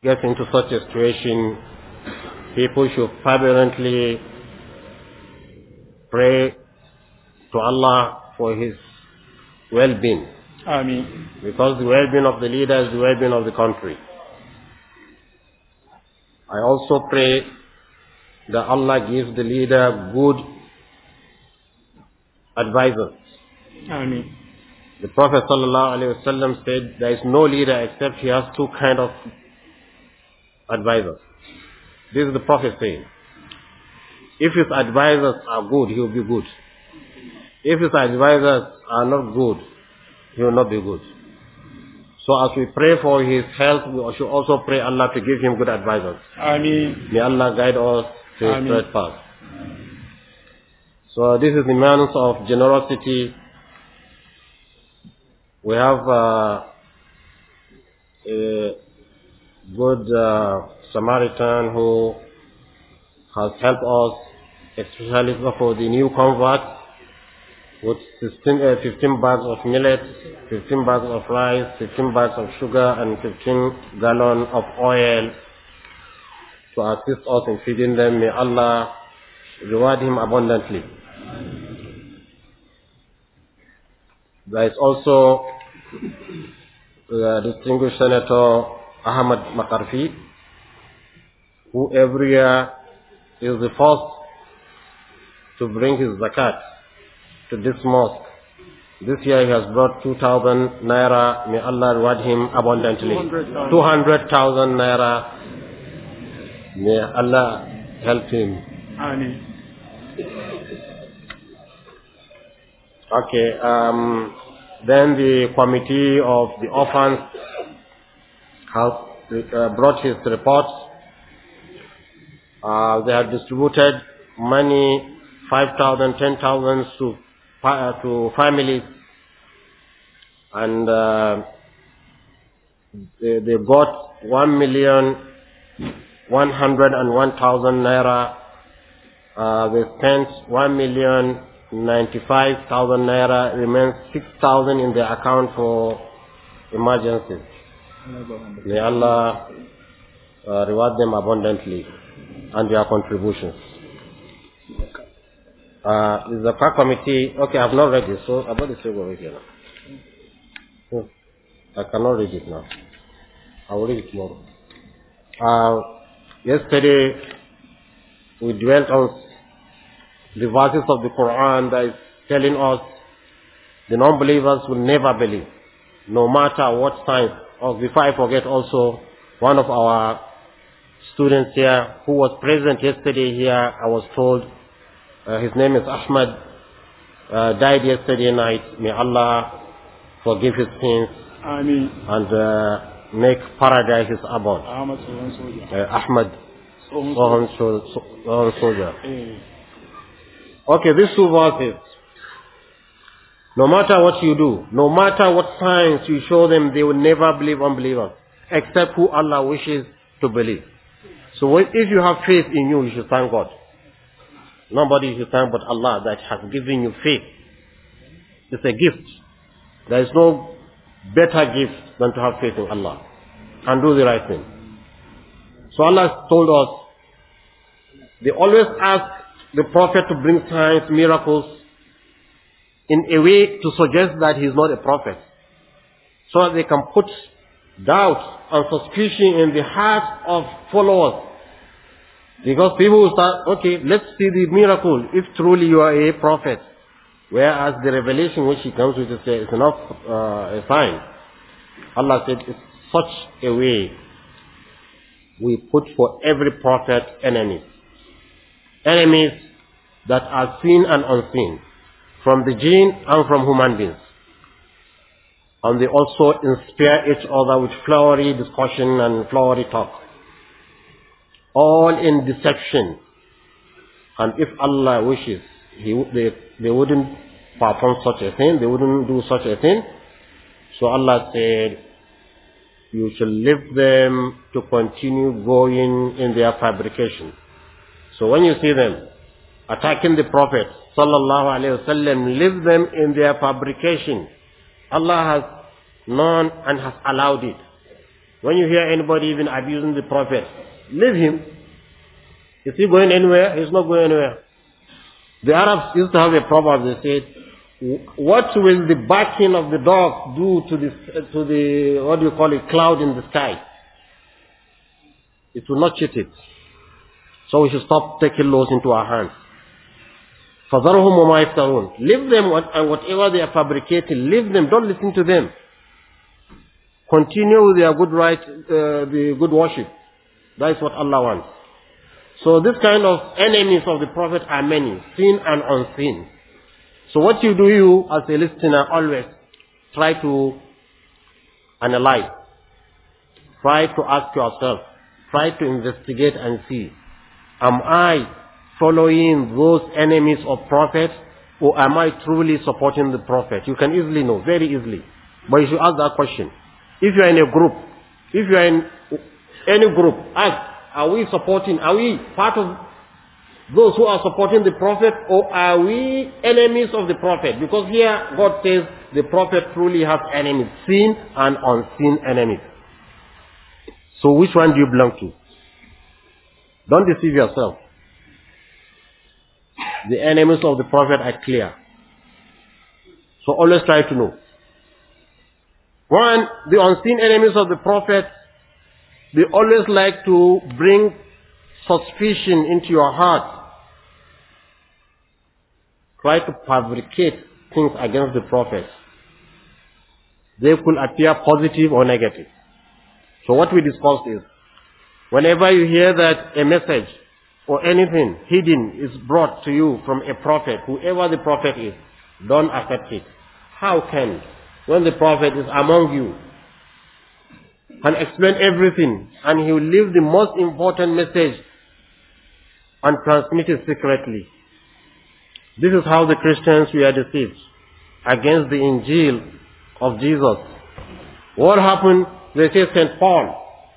Get into such a situation, people should fervently pray to Allah for his well-being. I mean, because the well-being of the leader is the well-being of the country. I also pray that Allah gives the leader good advisors. I mean, the Prophet ﷺ said, there is no leader except he has two kind of advisors. This is the Prophet saying. If his advisors are good, he will be good. If his advisors are not good, he will not be good. So as we pray for his health, we should also pray Allah to give him good advisors. Ameen. May Allah guide us to Ameen. his right path. So this is the manners of generosity. We have uh, uh, good uh, Samaritan who has helped us, especially for the new converts, with 15, uh, 15 bags of millet, 15 bags of rice, 15 bags of sugar, and 15 gallon of oil to assist us in feeding them. May Allah reward him abundantly. There is also the uh, distinguished Senator Ahmad Makarfi, who every year is the first to bring his zakat to this mosque. This year he has brought 2,000 naira. May Allah reward him abundantly. 200,000 naira. May Allah help him. Amen. Okay, um, then the committee of the orphans uh, brought his reports. Uh, they have distributed money, 5,000, 10,000 to, uh, to families. And uh, they, they got 1 million 101,000 naira. Uh, they spent 1 million 95,000 naira. Remains 6,000 in their account for emergencies. May Allah uh, reward them abundantly and their contributions. Uh, is the park committee, okay, I've not read it, so I've got to over here now. I cannot read it now. I will read it tomorrow. Uh, yesterday, we dwelt on the verses of the Quran that is telling us the non-believers will never believe, no matter what signs Oh, before I forget also, one of our students here who was present yesterday here, I was told, uh, his name is Ahmad, uh, died yesterday night. May Allah forgive his sins I and uh, make paradise his abode. Ahmad Sohon Soldier. Uh, Ahmad Sohon Soldier. Okay, these two verses. No matter what you do, no matter what signs you show them, they will never believe unbelievers, except who Allah wishes to believe. So if you have faith in you, you should thank God. Nobody should thank but Allah that has given you faith. It's a gift. There is no better gift than to have faith in Allah and do the right thing. So Allah told us, they always ask the Prophet to bring signs, miracles, in a way to suggest that he is not a prophet. So that they can put doubt and suspicion in the hearts of followers. Because people will start, okay, let's see the miracle, if truly you are a prophet. Whereas the revelation which he comes with is, is not uh, a sign. Allah said, it's such a way we put for every prophet enemies. Enemies that are seen and unseen from the jinn and from human beings. And they also inspire each other with flowery discussion and flowery talk. All in deception. And if Allah wishes, he, they, they wouldn't perform such a thing, they wouldn't do such a thing. So Allah said, you shall leave them to continue going in their fabrication. So when you see them attacking the prophet, sallallahu alayhi wasallam leave them in their fabrication. Allah has known and has allowed it. When you hear anybody even abusing the Prophet, leave him. Is he going anywhere? He's not going anywhere. The Arabs used to have a proverb, they said, what will the barking of the dog do to the, to the, what do you call it, cloud in the sky? It will not cheat it. So we should stop taking laws into our hands. فَذَرْهُمْ وَمَا يَفْتَرُونَ Leave them uh, whatever they are fabricating. Leave them. Don't listen to them. Continue with their good right, uh, the good worship. That is what Allah wants. So this kind of enemies of the Prophet are many, seen and unseen. So what you do, you as a listener, always try to analyze. Try to ask yourself. Try to investigate and see. Am I following those enemies of Prophet or am I truly supporting the Prophet? You can easily know, very easily. But you should ask that question. If you are in a group, if you are in any group, ask, are we supporting, are we part of those who are supporting the Prophet or are we enemies of the Prophet? Because here God says the Prophet truly has enemies, seen and unseen enemies. So which one do you belong to? Don't deceive yourself. The enemies of the Prophet are clear. So always try to know. One, the unseen enemies of the Prophet, they always like to bring suspicion into your heart. Try to fabricate things against the Prophet. They could appear positive or negative. So what we discussed is, whenever you hear that a message or anything hidden is brought to you from a prophet, whoever the prophet is, don't accept it. How can, when the prophet is among you, and explain everything, and he will leave the most important message and transmit it secretly. This is how the Christians were deceived against the Injil of Jesus. What happened? They say St. Paul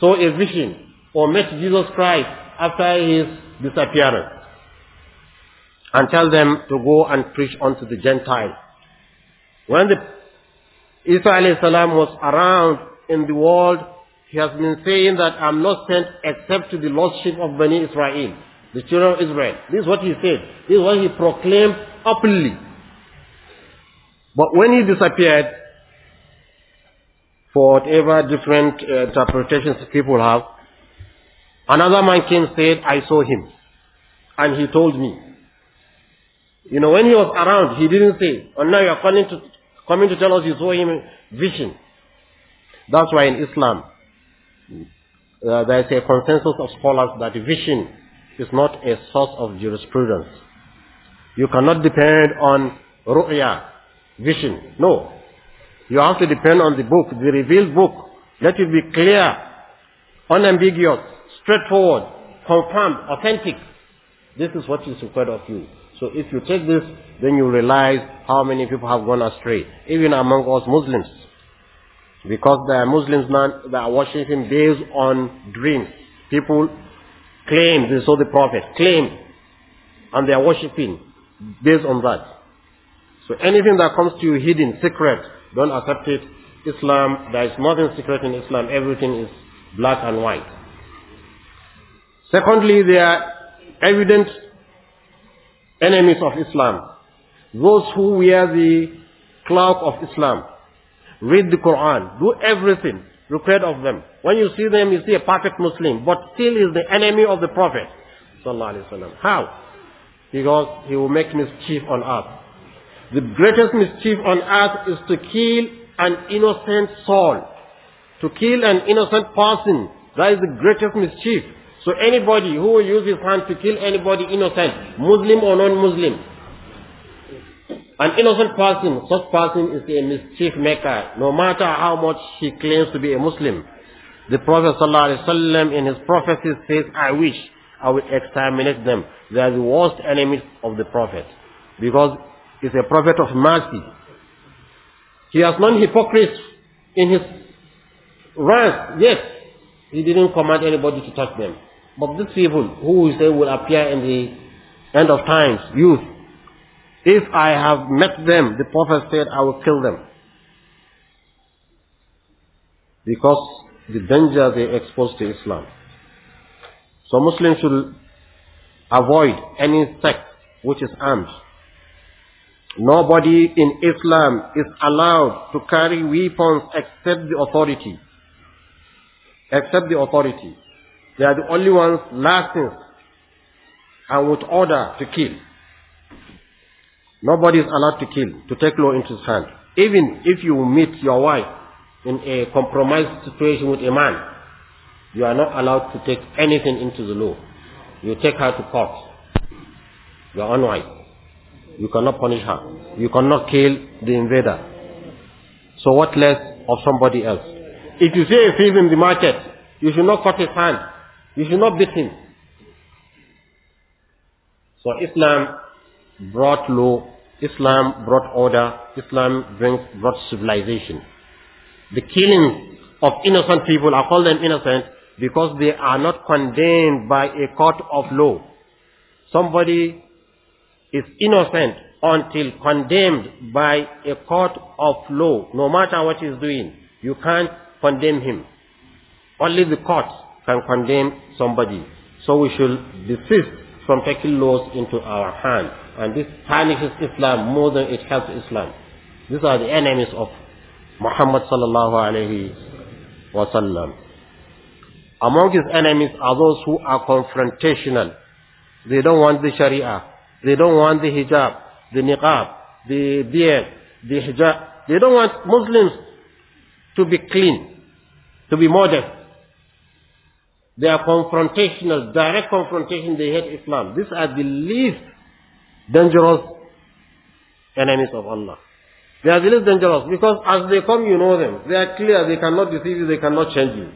saw a vision or met Jesus Christ after his disappearance and tell them to go and preach unto the Gentiles. When the Isa was around in the world, he has been saying that I'm not sent except to the lost sheep of Bani Israel, the children of Israel. This is what he said. This is what he proclaimed openly. But when he disappeared, for whatever different uh, interpretations people have, Another man came said, I saw him. And he told me. You know, when he was around, he didn't say. And now you are coming to, coming to tell us you saw him vision. That's why in Islam, uh, there is a consensus of scholars that vision is not a source of jurisprudence. You cannot depend on ru'ya, vision. No. You have to depend on the book, the revealed book. Let it be clear, unambiguous straightforward, confirmed, authentic. This is what is required of you. So if you take this, then you realize how many people have gone astray, even among us Muslims. Because there are Muslims now that are worshipping based on dreams. People claim, they saw the Prophet, claim, and they are worshipping based on that. So anything that comes to you hidden, secret, don't accept it. Islam, there is nothing secret in Islam. Everything is black and white. Secondly, they are evident enemies of Islam. Those who wear the cloak of Islam, read the Quran, do everything required of them. When you see them, you see a perfect Muslim, but still is the enemy of the Prophet. How? Because he will make mischief on earth. The greatest mischief on earth is to kill an innocent soul. To kill an innocent person. That is the greatest mischief. So anybody who will use his hand to kill anybody innocent, Muslim or non-Muslim, an innocent person, such person is a mischief maker, no matter how much he claims to be a Muslim. The Prophet ﷺ in his prophecies says, I wish I will exterminate them. They are the worst enemies of the Prophet. Because he's a prophet of mercy. He has known hypocrites in his wrath, Yes, he didn't command anybody to touch them. But these people who we say will appear in the end of times, youth, if I have met them, the Prophet said, I will kill them. Because the danger they expose to Islam. So Muslims should avoid any sect which is armed. Nobody in Islam is allowed to carry weapons except the authority. Except the authority. They are the only ones licensed and with order to kill. Nobody is allowed to kill, to take law into his hand. Even if you meet your wife in a compromised situation with a man, you are not allowed to take anything into the law. You take her to court. Your own wife. You cannot punish her. You cannot kill the invader. So what less of somebody else? If you see a thief in the market, you should not cut his hand. You should not beat him. So Islam brought law, Islam brought order, Islam brings, brought civilization. The killing of innocent people, I call them innocent, because they are not condemned by a court of law. Somebody is innocent until condemned by a court of law, no matter what he's doing. You can't condemn him. Only the court can condemn somebody. So we should desist from taking laws into our hands. And this tarnishes Islam more than it helps Islam. These are the enemies of Muhammad sallallahu alayhi wasallam. Among his enemies are those who are confrontational. They don't want the Sharia. They don't want the hijab, the niqab, the beard, the hijab. They don't want Muslims to be clean, to be modest. They are confrontational, direct confrontation, they hate Islam. These are the least dangerous enemies of Allah. They are the least dangerous because as they come, you know them. They are clear, they cannot deceive you, they cannot change you.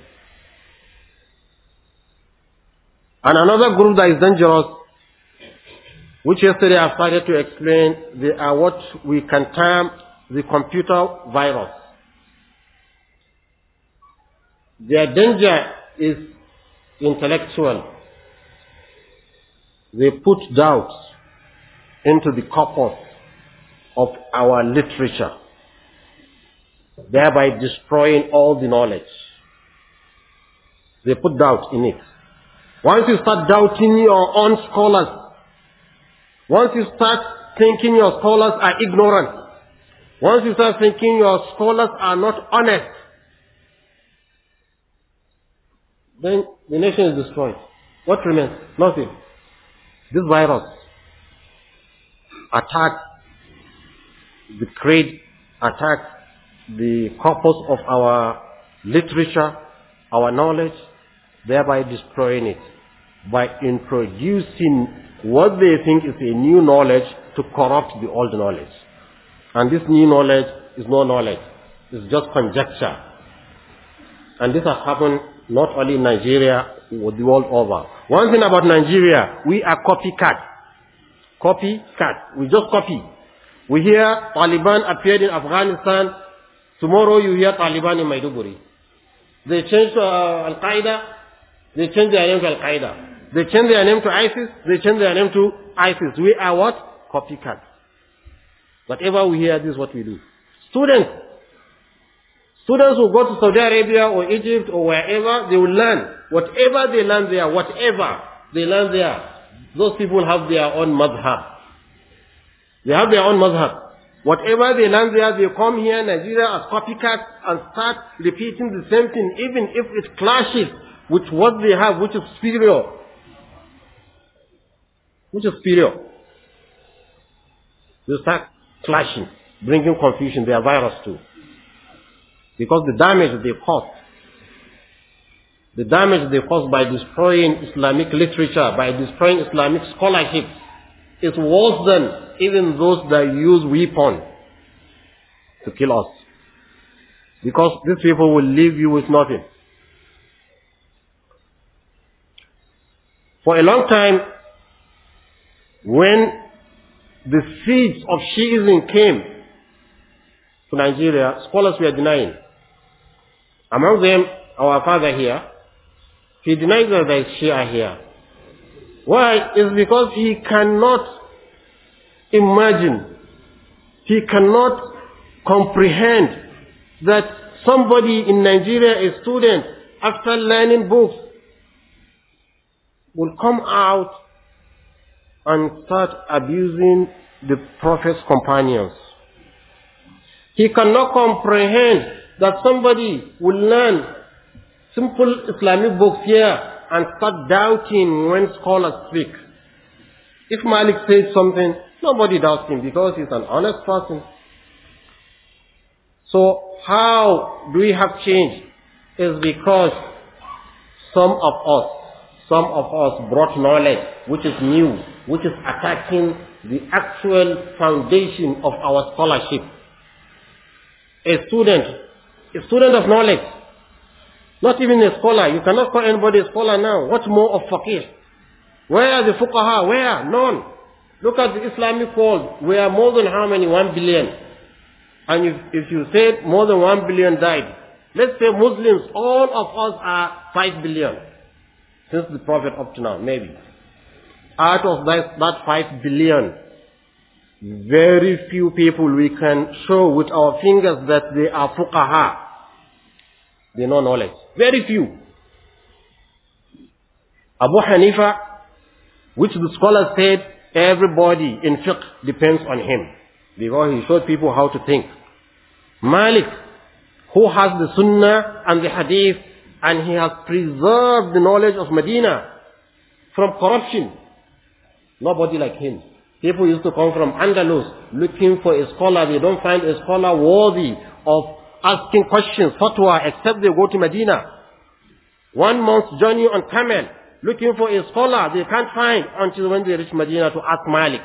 And another group that is dangerous, which yesterday I started to explain, they are what we can term the computer virus. Their danger is intellectual. They put doubts into the corpus of our literature, thereby destroying all the knowledge. They put doubt in it. Once you start doubting your own scholars, once you start thinking your scholars are ignorant, once you start thinking your scholars are not honest, then the nation is destroyed. What remains? Nothing. This virus attacked the creed, attacked the corpus of our literature, our knowledge, thereby destroying it by introducing what they think is a new knowledge to corrupt the old knowledge. And this new knowledge is no knowledge. It's just conjecture. And this has happened not only in Nigeria, but the world over. One thing about Nigeria, we are copycat. Copycat. We just copy. We hear Taliban appeared in Afghanistan. Tomorrow you hear Taliban in Maiduguri. They changed to uh, Al-Qaeda. They changed their name to Al-Qaeda. They changed their name to ISIS. They changed their name to ISIS. We are what? Copycat. Whatever we hear, this is what we do. Students, Students who go to Saudi Arabia or Egypt or wherever, they will learn. Whatever they learn there, whatever they learn there, those people have their own madhab. They have their own madhab. Whatever they learn there, they come here in Nigeria as copycats and start repeating the same thing, even if it clashes with what they have, which is superior. Which is superior. They start clashing, bringing confusion. They are virus too. Because the damage they caused, the damage they caused by destroying Islamic literature, by destroying Islamic scholarship, is worse than even those that use weapons to kill us. Because these people will leave you with nothing. For a long time, when the seeds of Shiism came to Nigeria, scholars were denying. Among them, our father here, he denies that there is Shia here. Why? It's because he cannot imagine, he cannot comprehend that somebody in Nigeria, a student, after learning books, will come out and start abusing the prophet's companions. He cannot comprehend that somebody will learn simple Islamic books here and start doubting when scholars speak. If Malik says something, nobody doubts him because he's an honest person. So how do we have changed? Is because some of us, some of us brought knowledge which is new, which is attacking the actual foundation of our scholarship. A student a student of knowledge, not even a scholar. You cannot call anybody a scholar now. What more of faqih? Where are the fuqaha? Where? None. Look at the Islamic world. We are more than how many? One billion. And if, if you say more than one billion died, let's say Muslims, all of us are five billion. Since the Prophet up to now, maybe. Out of that, that five billion, very few people we can show with our fingers that they are fuqaha. They know knowledge. Very few. Abu Hanifa, which the scholars said everybody in fiqh depends on him. Because he showed people how to think. Malik, who has the sunnah and the hadith and he has preserved the knowledge of Medina from corruption. Nobody like him. People used to come from Andalus looking for a scholar. They don't find a scholar worthy of asking questions, fatwa, except they go to Medina. One month's journey on camel, looking for a scholar they can't find until when they reach Medina to ask Malik.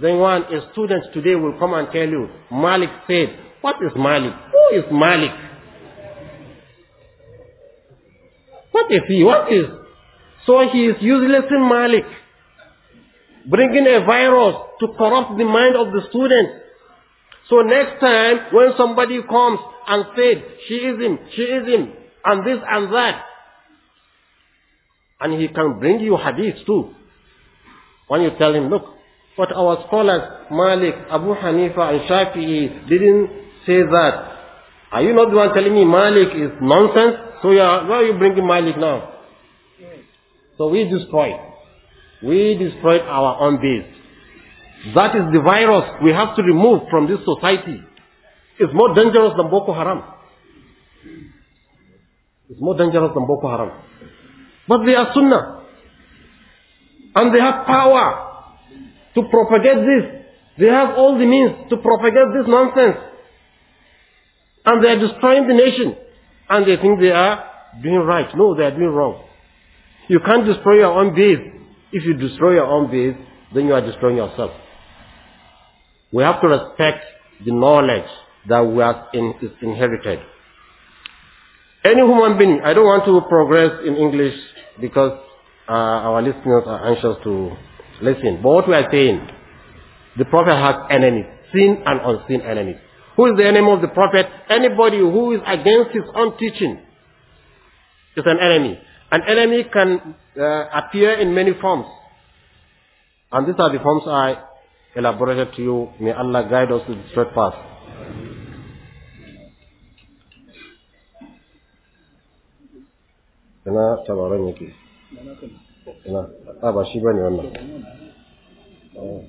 Then one, a student today will come and tell you, Malik said, what is Malik? Who is Malik? What is he? What is? So he is useless in Malik bringing a virus to corrupt the mind of the students. So next time, when somebody comes and says she is him, she is him, and this and that, and he can bring you hadith too, when you tell him, look, what our scholars, Malik, Abu Hanifa and Shafi'i didn't say that. Are you not the one telling me Malik is nonsense? So you are, why are you bringing Malik now? So we destroy we destroyed our own base. That is the virus we have to remove from this society. It's more dangerous than Boko Haram. It's more dangerous than Boko Haram. But they are Sunnah. And they have power to propagate this. They have all the means to propagate this nonsense. And they are destroying the nation. And they think they are doing right. No, they are doing wrong. You can't destroy your own base if you destroy your own base, then you are destroying yourself. We have to respect the knowledge that we are in, is inherited. Any human being, I don't want to progress in English because uh, our listeners are anxious to listen. But what we are saying, the Prophet has enemies, seen and unseen enemies. Who is the enemy of the Prophet? Anybody who is against his own teaching is an enemy. An enemy can uh, appear in many forms. And these are the forms I elaborated to you. May Allah guide us to the straight path. ina tabaron yake ina a ah, ba shi bane wannan oh.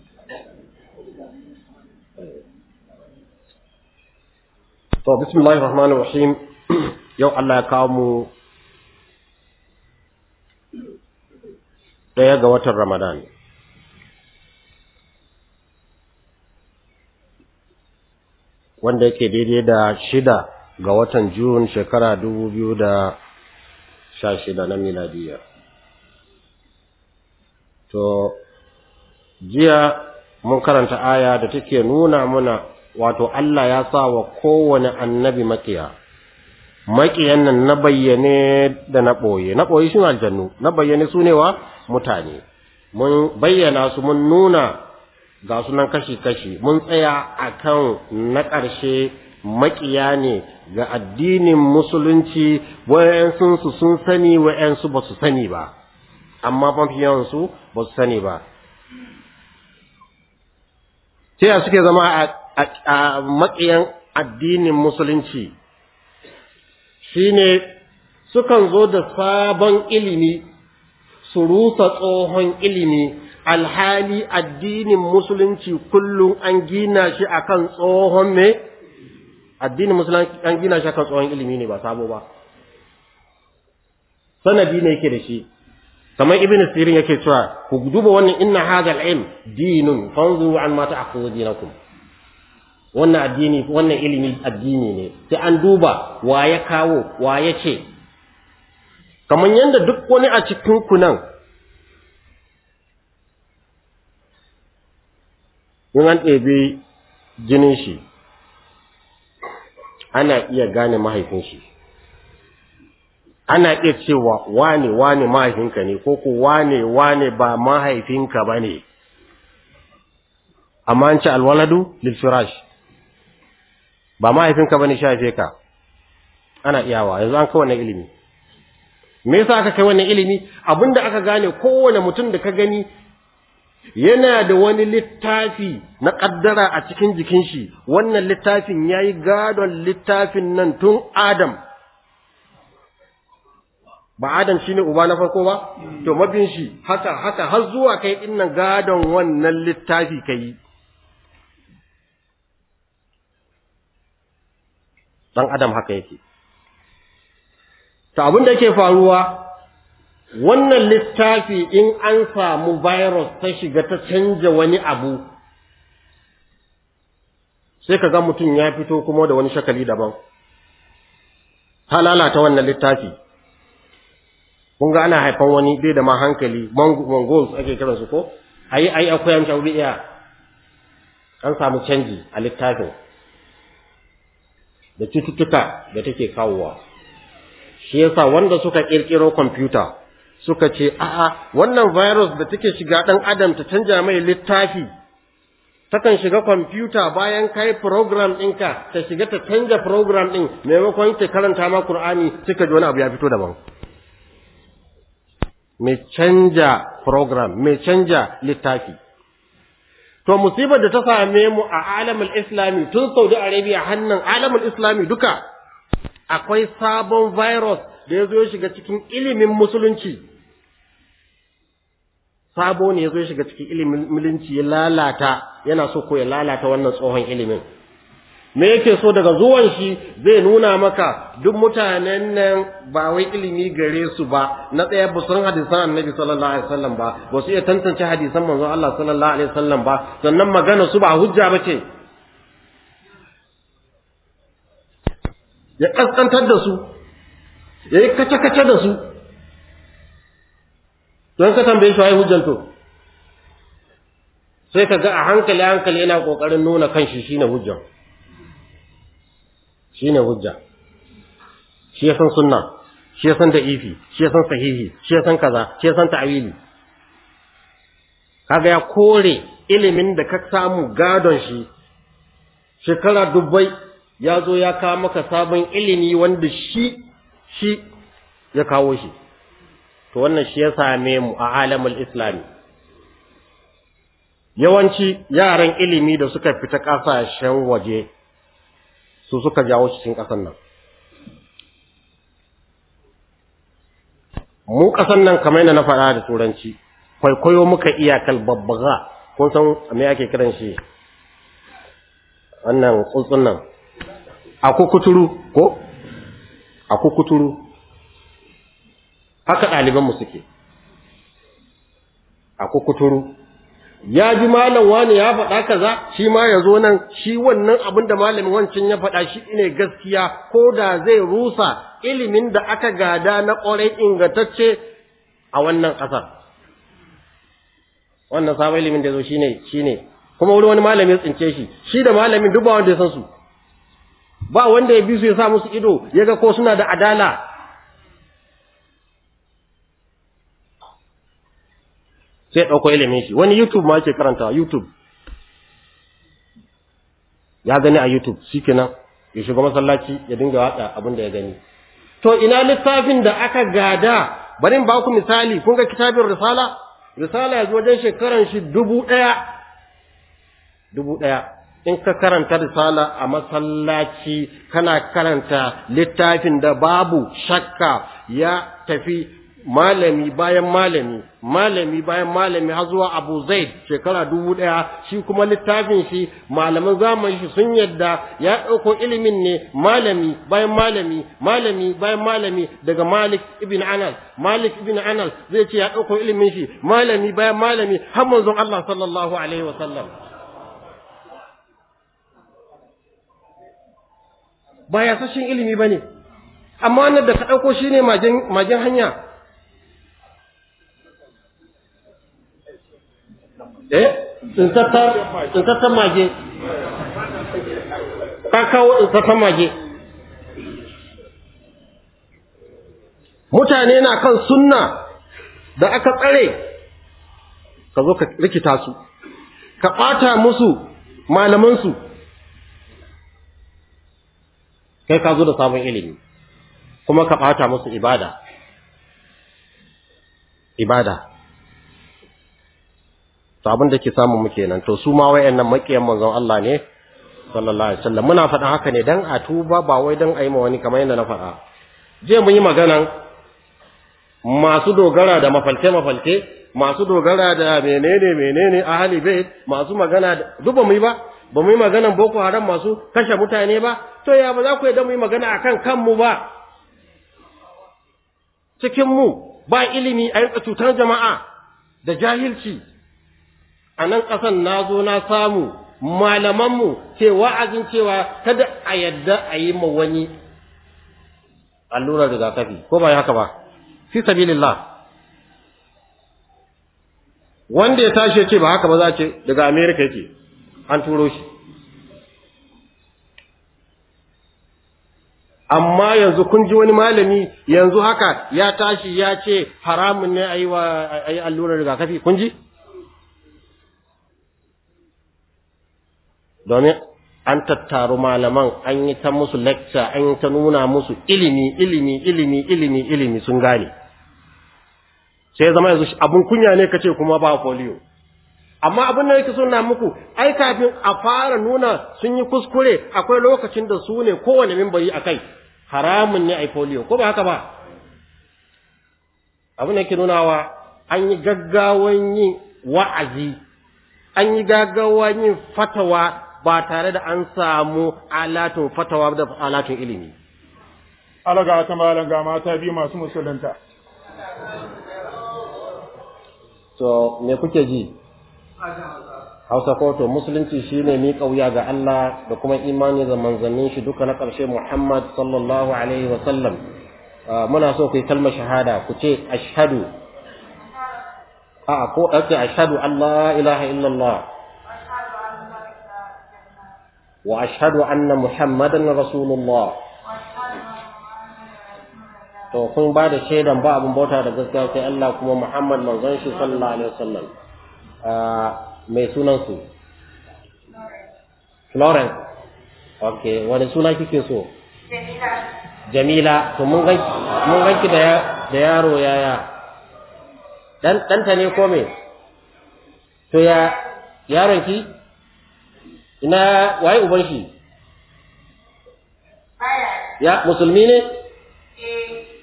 to bismillahir rahmanir rahim yau Allah ya kawo mu ɗaya ga watan Ramadan. Wanda yake daidai da shida ga watan Jun shekara dubu biyu da sha shida na miladiya. To, jiya mun karanta aya da take nuna muna wato Allah ya sa wa kowane annabi makiya. maƙiyan nan na bayyane da na ɓoye na ɓoye shi aljannu na bayyane su ne wa mutane mun bayyana su mun nuna ga sunan kashi-kashi mun tsaya a kan na ƙarshe maƙiya ne ga addinin musulunci wa'yansu sun sani wa'yansu ba su sani ba amma yawansu ba su sani ba ta suke zama a maƙiyan addinin musulunci Shi ne sukan zo da sabon ilimi su rusa tsohon ilimi alhali addinin musulunci kullum an gina shi akan tsohon me addinin musulunci an gina shi akan tsohon ilimi ne ba sabo ba sanadi ne yake da shi kamar Ibn sirin yake cewa ku duba wannan inna hadha al-ilm dinun fanzu an ma ta'khudhu dinakum wannan addini wannan ilimi addini ne sai an duba wa ya kawo wa ya ce kamar yadda duk wani a cikin ku nan in an ɗebe jinin shi ana iya gane mahaifin shi ana iya cewa wane wane mahaifinka ne ko ku wane wane ba mahaifinka ba ne amma an ce alwaladu lil firash ba mahaifinka bane shi haife ka ana iyawa yanzu an kai wannan ilimi me yasa aka kai wannan ilimi abinda aka gane kowane mutum da ka gani yana da wani littafi na kaddara a cikin jikin shi wannan littafin yayi gadon littafin nan tun Adam ba Adam shine uba na farko ba to mabin shi haka haka har zuwa kai dinnan gadon wannan littafi kai dan adam haka yake to abin da yake faruwa wannan littafi in an samu virus ta shiga ta canja wani abu sai ka ga mutum ya fito kuma da wani shakali daban ta lalata wannan littafi kun ga ana haifan wani bai da ma hankali mongols ake kiran su ko ai ai akwai amsha an samu canji a littafin da cututtuka da take kawowa shi yasa wanda suka kirkiro kwamfuta suka ce a'a wannan virus da take shiga dan adam ta canja mai littafi takan shiga kwamfuta bayan kai program ɗinka ta shiga ta canja program ɗin maimakon ta karanta ma Qur'ani suka ji wani abu ya fito daban mai canja program mai canja littafi to musibar da ta same mu a alamul islami tun saudi arabia hannun alamul islami duka akwai sabon virus da ya zo ya shiga cikin ilimin musulunci sabo ne ya zo ya shiga cikin ilimin milinci ya lalata yana so ko ya lalata wannan tsohon ilimin me yake so daga zuwan shi zai nuna maka duk mutanen nan ba wai ilimi gare su ba na tsaya ba san hadisan annabi sallallahu alaihi wasallam ba ba su iya tantance hadisan manzo Allah sallallahu alaihi wasallam ba sannan magana su ba hujja ba ce ya kaskantar da su ya yi kace-kace da su don ka tambaye shi wai hujjan to sai ka ga a hankali hankali yana kokarin nuna kan shine hujjan shine hujja shi ya san sunna shi ya san da'ifi shi ya san sahihi shi ya san kaza shi ya san ta'awili kaga ya kore ilimin da ka samu gadon shi shekara dubbai ya zo ya kawo maka sabon ilimi wanda shi shi ya kawo shi to wannan shi ya same mu a alamul islami yawanci yaran ilimi da suka fita ƙasashen waje su suka jawo cikin ƙasan nan mu ƙasan nan kamar yadda na faɗa da turanci kwaikwayo muka iyakar babbaga kun san me ake kiran shi wannan tsuntsun nan a kukuturu ko a kuturu haka ɗaliban mu suke a kuturu ya ji malam wani ya faɗa kaza shi ma ya zo nan shi wannan abin da malamin wancan ya faɗa shi ne gaskiya ko da zai rusa ilimin da aka gada na ƙwarai ingantacce a wannan ƙasar wannan sabon ilimin da zo shine shine kuma wani wani malami ya tsince shi shi da malamin duk ba wanda ya san su ba wanda ya bi su ya sa musu ido ya ga ko suna da adala sai ɗauko ilimin shi wani youtube ma yake karanta youtube ya gani a youtube shikenan ya shiga masallaci ya dinga watsa abin da ya gani to ina littafin da aka gada bari in ba ku misali kun ga kitabin risala risala ya wajen shekaran shi dubu ɗaya dubu ɗaya in ka karanta risala a masallaci kana karanta littafin da babu shakka ya tafi malami bayan malami malami bayan malami har zuwa Abu Zaid shekara dubu ɗaya shi kuma littafin shi malaman zamani shi sun yadda ya ɗauko ilimin ne malami bayan malami malami bayan malami daga Malik ibn Anas Malik ibn Anas zai ce ya ɗauko ilimin shi malami bayan malami har manzon Allah sallallahu alaihi wa sallam ba ya sashin ilimi bane amma wannan da ka ɗauko shine majin majin hanya E? Eh? tsintattar mage kawo tsintattar mage mutane na kan sunna da aka tsare ka zo ka rikita su ka ɓata musu malamansu kai ka zo da sabon ilimi kuma ka ɓata musu ibada to abin da ke samu mu kenan to su ma wayannan makiyan manzon Allah ne sallallahu alaihi wasallam muna faɗa haka ne dan a tuba ba wai dan yi ma wani kamar yadda na faɗa je mun yi magana masu dogara da mafalke mafalke masu dogara da menene menene ahli bait masu magana da duk ba mu yi ba ba mu yi magana boko haram masu kashe mutane ba to ya ba za ku yadda mu yi magana akan kanmu ba cikin mu ba ilimi a cutar jama'a da jahilci a nan ƙasan na zo na samu malamanmu ke wa'azin cewa kada a yadda a yi ma wani allurar rigakafi ko ba haka ba fi sabilillah wanda ya tashi ce ba haka ba za ce daga amerika yake an turo shi amma yanzu kun ji wani malami yanzu haka ya tashi ya ce haramun ne a yi allurar rigakafi kun ji domin an tattaru malaman an yi ta musu lecture an yi ta nuna musu ilimi ilimi ilimi ilimi ilimi sun gane sai zama yanzu abun kunya ne kace kuma ba foliyo? amma abin da yake suna muku ai kafin a fara nuna sun yi kuskure akwai lokacin da su ne kowane mimbari a kai haramun ne ai folio ko ba haka ba abin da yake nunawa an yi gaggawan yin wa'azi an yi gaggawan yin fatawa ba tare da an samu alatun fatawa da alatun ilimi alaga ta malam ga mata biyu masu musulunta to me kuke ji Hausa koto musulunci shi ne mi kauya ga Allah da kuma imani da manzannin shi duka na ƙarshe Muhammad sallallahu alaihi wa muna so ku yi kalmar shahada ku ce ashhadu a ko ake ashhadu Allah ilaha illallah وأشهد أن محمدا رسول الله to kun ba da shaidan ba abin bauta da gaskiya sai Allah kuma Muhammad manzon shi sallallahu alaihi wasallam mai sunan su Florence okay wani suna kike so Jamila to mun ga mun ganki da da yaro yaya dan danta ne ko me to ya yaron ki ina waye uban shi ya musulmi ne eh.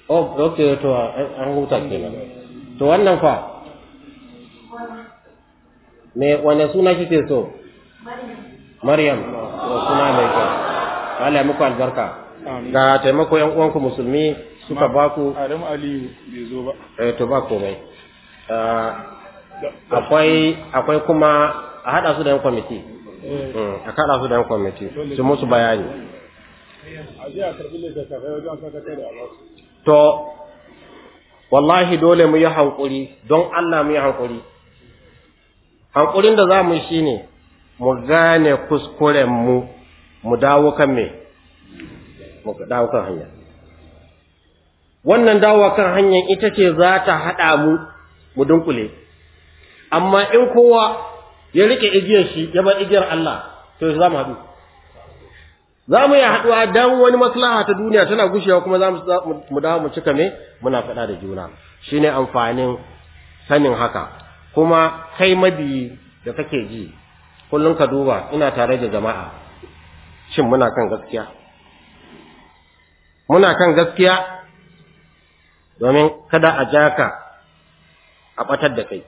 oh okay to an huta kenan to wannan fa me wane suna kike so maryam suna mai kyau Allah muku albarka ga taimako yan uwanku musulmi suka baku Adam Aliyu bai zo ba eh to ba komai akwai akwai kuma a hada su da yan kwamiti Eh, a kaɗa su dan kwamiti su musu bayani to wallahi dole mu yi hankuri don Allah mu yi hankuri hankurin da za mu yi shine mu gane kuskuren mu mu dawo kan me mu dawo kan hanya wannan dawo kan hanyar ita ce za ta haɗa mu mu dunkule amma in kowa ya rike igiyar shi ya bar igiyar Allah to za mu haɗu za mu yi haɗuwa don wani maslaha ta duniya tana gushewa kuma za mu dawo mu cika me muna faɗa da juna shine amfanin sanin haka kuma kai madi da kake ji kullum ka duba ina tare da jama'a shin muna kan gaskiya muna kan gaskiya domin kada a ja ka a ɓatar da kai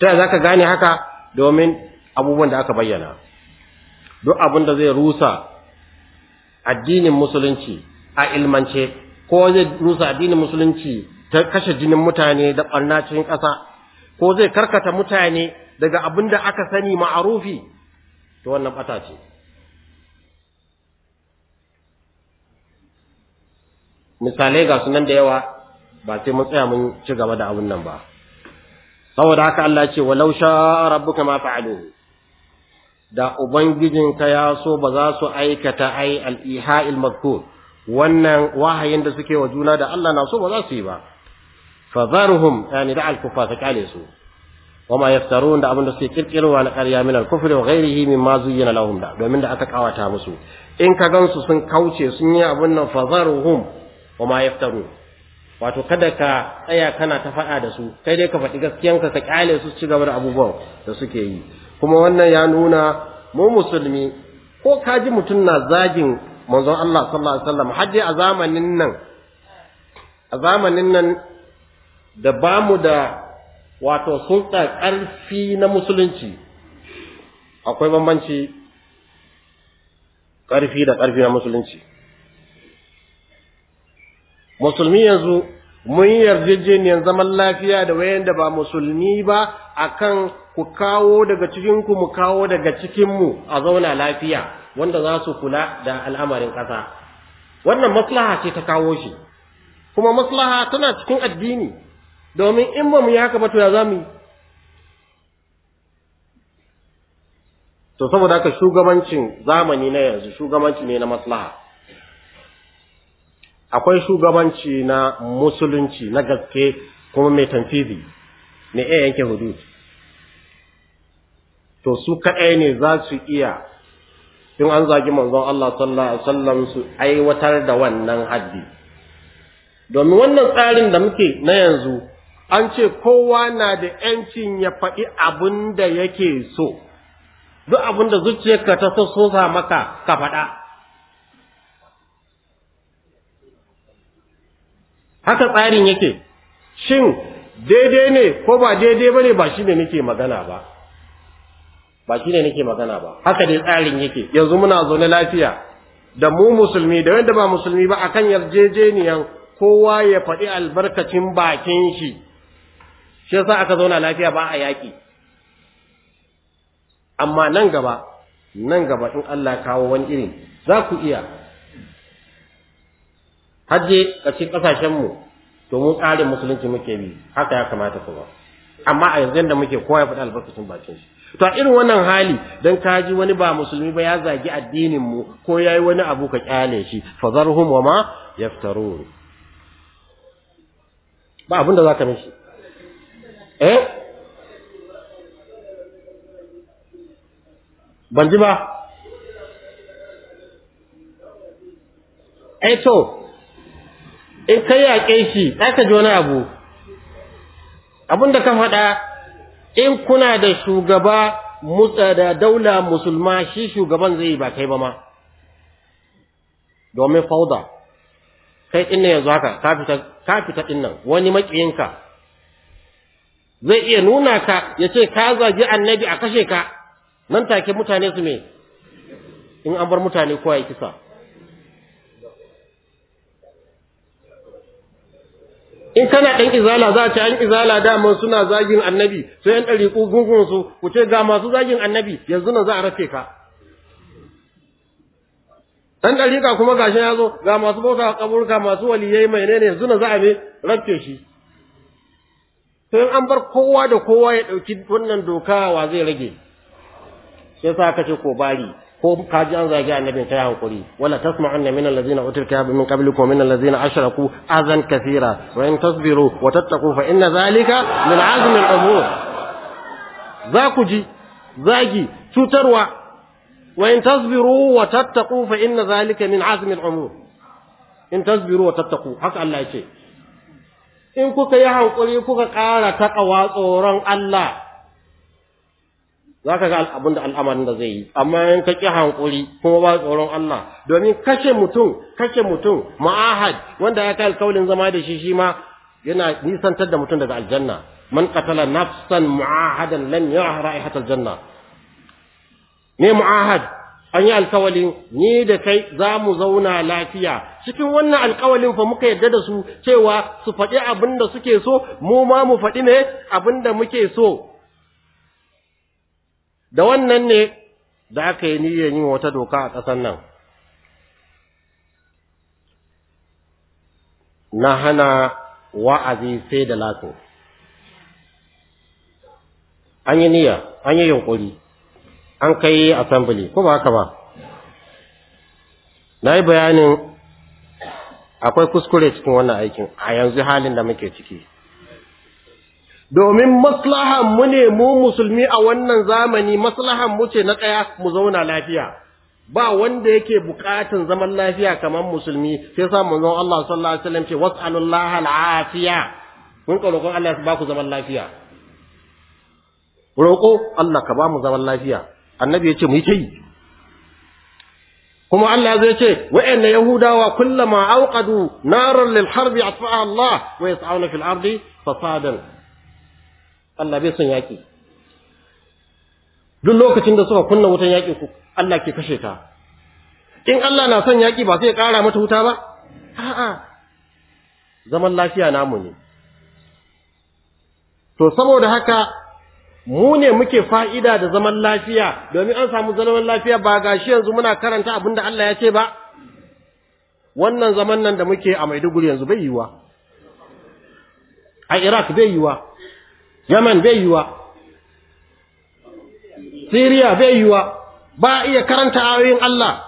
ta za ka gane haka domin abubuwan da aka bayyana duk abin da zai rusa addinin musulunci a ilmance ko zai rusa addinin musulunci ta kashe jinin mutane da ɓarnacin ƙasa ko zai karkata mutane daga abin da aka sani ma'arufi to wannan ɓata ce misalai ga sunan da yawa ba sai mun tsaya mun ci gaba da abin nan ba saboda haka Allah ce walau sha rabbuka ma fa'alu da ubangijinka ya so ba za su aikata ai al-iha'il wannan wahayin da suke wa juna da Allah na so ba za su yi ba fadharhum yani da al-kufa ta kale su wama yaftarun da abin da suke kirkirwa na ƙarya min al-kufri wa ghairihi ma zuyyina lahum da domin da aka kawata musu in ka gansu sun kauce sun yi abin nan fadharhum wama yaftarun wato kada ka tsaya kana ta faɗa da su kai dai ka faɗi gaskiyanka ka kyale su ci gaba da abubuwan da suke yi kuma wannan ya nuna mu musulmi ko ka ji mutum na zagin manzon Allah sallallahu alaihi wasallam dai a zamanin nan a zamanin nan da bamu da wato sulta ƙarfi na musulunci akwai bambanci ƙarfi da ƙarfi na musulunci musulmi yanzu mun yarjejeniyar zaman lafiya da wayan da ba musulmi ba a kan ku kawo daga cikinku mu kawo daga cikinmu a zauna lafiya wanda za su kula da al'amarin ƙasa wannan maslaha ce ta kawo shi kuma maslaha tana cikin addini domin in ba mu yi haka ba to ya za to saboda haka shugabancin zamani na yanzu shugabanci ne na maslaha akwai shugabanci na musulunci na gaske kuma mai tanfizi mai iya yanke hudu. to su kaɗai ne za su iya in an zagi manzon Allah sallallahu alaihi wasallam su aiwatar da wannan haddi domin wannan tsarin da muke na yanzu an ce kowa na da ‘yancin ya faɗi abin da yake so, duk abin da zuciyarka ta so sosa maka ka faɗa, haka tsarin yake shin daidai ne ko ba daidai bane ba shine nake magana ba ba shine nake magana ba haka dai tsarin yake yanzu muna zaune lafiya da mu musulmi da wanda ba musulmi ba akan yarjejeniyan kowa ya faɗi albarkacin bakin shi shi yasa aka zauna lafiya ba a yaƙi amma nan gaba nan gaba in Allah kawo wani irin za ku iya kasashen mu ƙasashenmu domin tsarin musulunci muke bi haka ya kamata kuma amma a yanzu da muke kowa ya faɗi albarkacin bakin shi to a irin wannan hali dan ka ji wani ba musulmi ba ya zagi addinin mu ko yayi wani abu ka kyale shi fazarhum wa ma yaftarun ba abin da zaka mishi eh ban ji ba eh to in eh, ka yaƙe shi aka ji wani abu abin da ka faɗa in kuna da shugaba eh, da daula musulma shi shugaban zai ba kai ba ma domin fauda kai ɗin yanzu haka ka fita ɗin nan wani maƙiyinka zai iya nuna ka ya ce ka zagi annabi a kashe ka nan take mutane su me in an bar mutane kowa ya kisa in kana ɗan izala za a ci an izala dama suna zagin annabi sai yan ɗari gungun ku ce ga masu zagin annabi yanzu na za a rafe ka ɗan ɗariƙa kuma gashi ya zo ga masu bauta kaburka masu waliyai mai ne yanzu na za a rafe shi sai an bar kowa da kowa ya ɗauki wannan doka wa zai rage sai sa ko bari ولا تسمعن من الذين اترك من قبلكم ومن الذين اشركوا اذى كثيرا وان تصبروا وتتقوا فان ذلك من عزم الامور ذاكجي ذاكي تتروى وان تصبروا وتتقوا فان ذلك من عزم الامور ان تصبروا وتتقوا حق الله يجي ان كوكا يا حقوري كوكا قارا تقوى صورا الله za ka ga abin da al'amarin da zai yi amma in ka ƙi kuma ba tsoron Allah domin kashe mutum kashe mutum ma'ahad wanda ya kai alkawalin zama da shi shi ma yana nisantar da mutum daga aljanna man qatala nafsan mu'ahadan lam yara ra'ihat aljanna ne mu'ahad an yi alkawalin ni da kai za mu zauna lafiya cikin wannan alkawalin fa muka yarda da su cewa su faɗi abin da suke so mu ma mu faɗi ne abin da muke so da wannan ne da aka yi niyyar yin wata doka a ƙasar nan na hana wa'azi sai da lasin an yi niyya an yi yunƙuri an kai assembly ko ba haka ba na yi bayanin akwai kuskure cikin wannan aikin a yanzu halin da muke ciki domin maslahan mu ne mu musulmi a wannan zamani maslahan mu ce na tsaya mu zauna lafiya ba wanda yake bukatun zaman lafiya kamar musulmi sai sa manzon Allah sallallahu alaihi wasallam ce was'alullaha al'afiya mun ka roƙon Allah ya ba ku zaman lafiya roƙo Allah ka ba mu zaman lafiya annabi ya ce mu yi kai. kuma Allah zai ce wa'anna yahudawa kullama auqadu naran lil harbi atfa'a Allah wa yas'auna fil ardi fasadan Allah bai son yaƙi duk lokacin da suka kunna wutan yaƙi ku Allah ke kashe ta in Allah na son yaƙi ba sai ƙara mata wuta ba a'a zaman lafiya namu ne to saboda haka mu ne muke fa'ida da zaman lafiya domin an samu zaman lafiya ba gashi yanzu muna karanta abin da Allah ya ce ba wannan zaman nan da muke a Maiduguri yanzu bai yiwa a Iraq bai yiwa yaman bai yi wa? siriya bai yi wa? ba iya karanta ayoyin Allah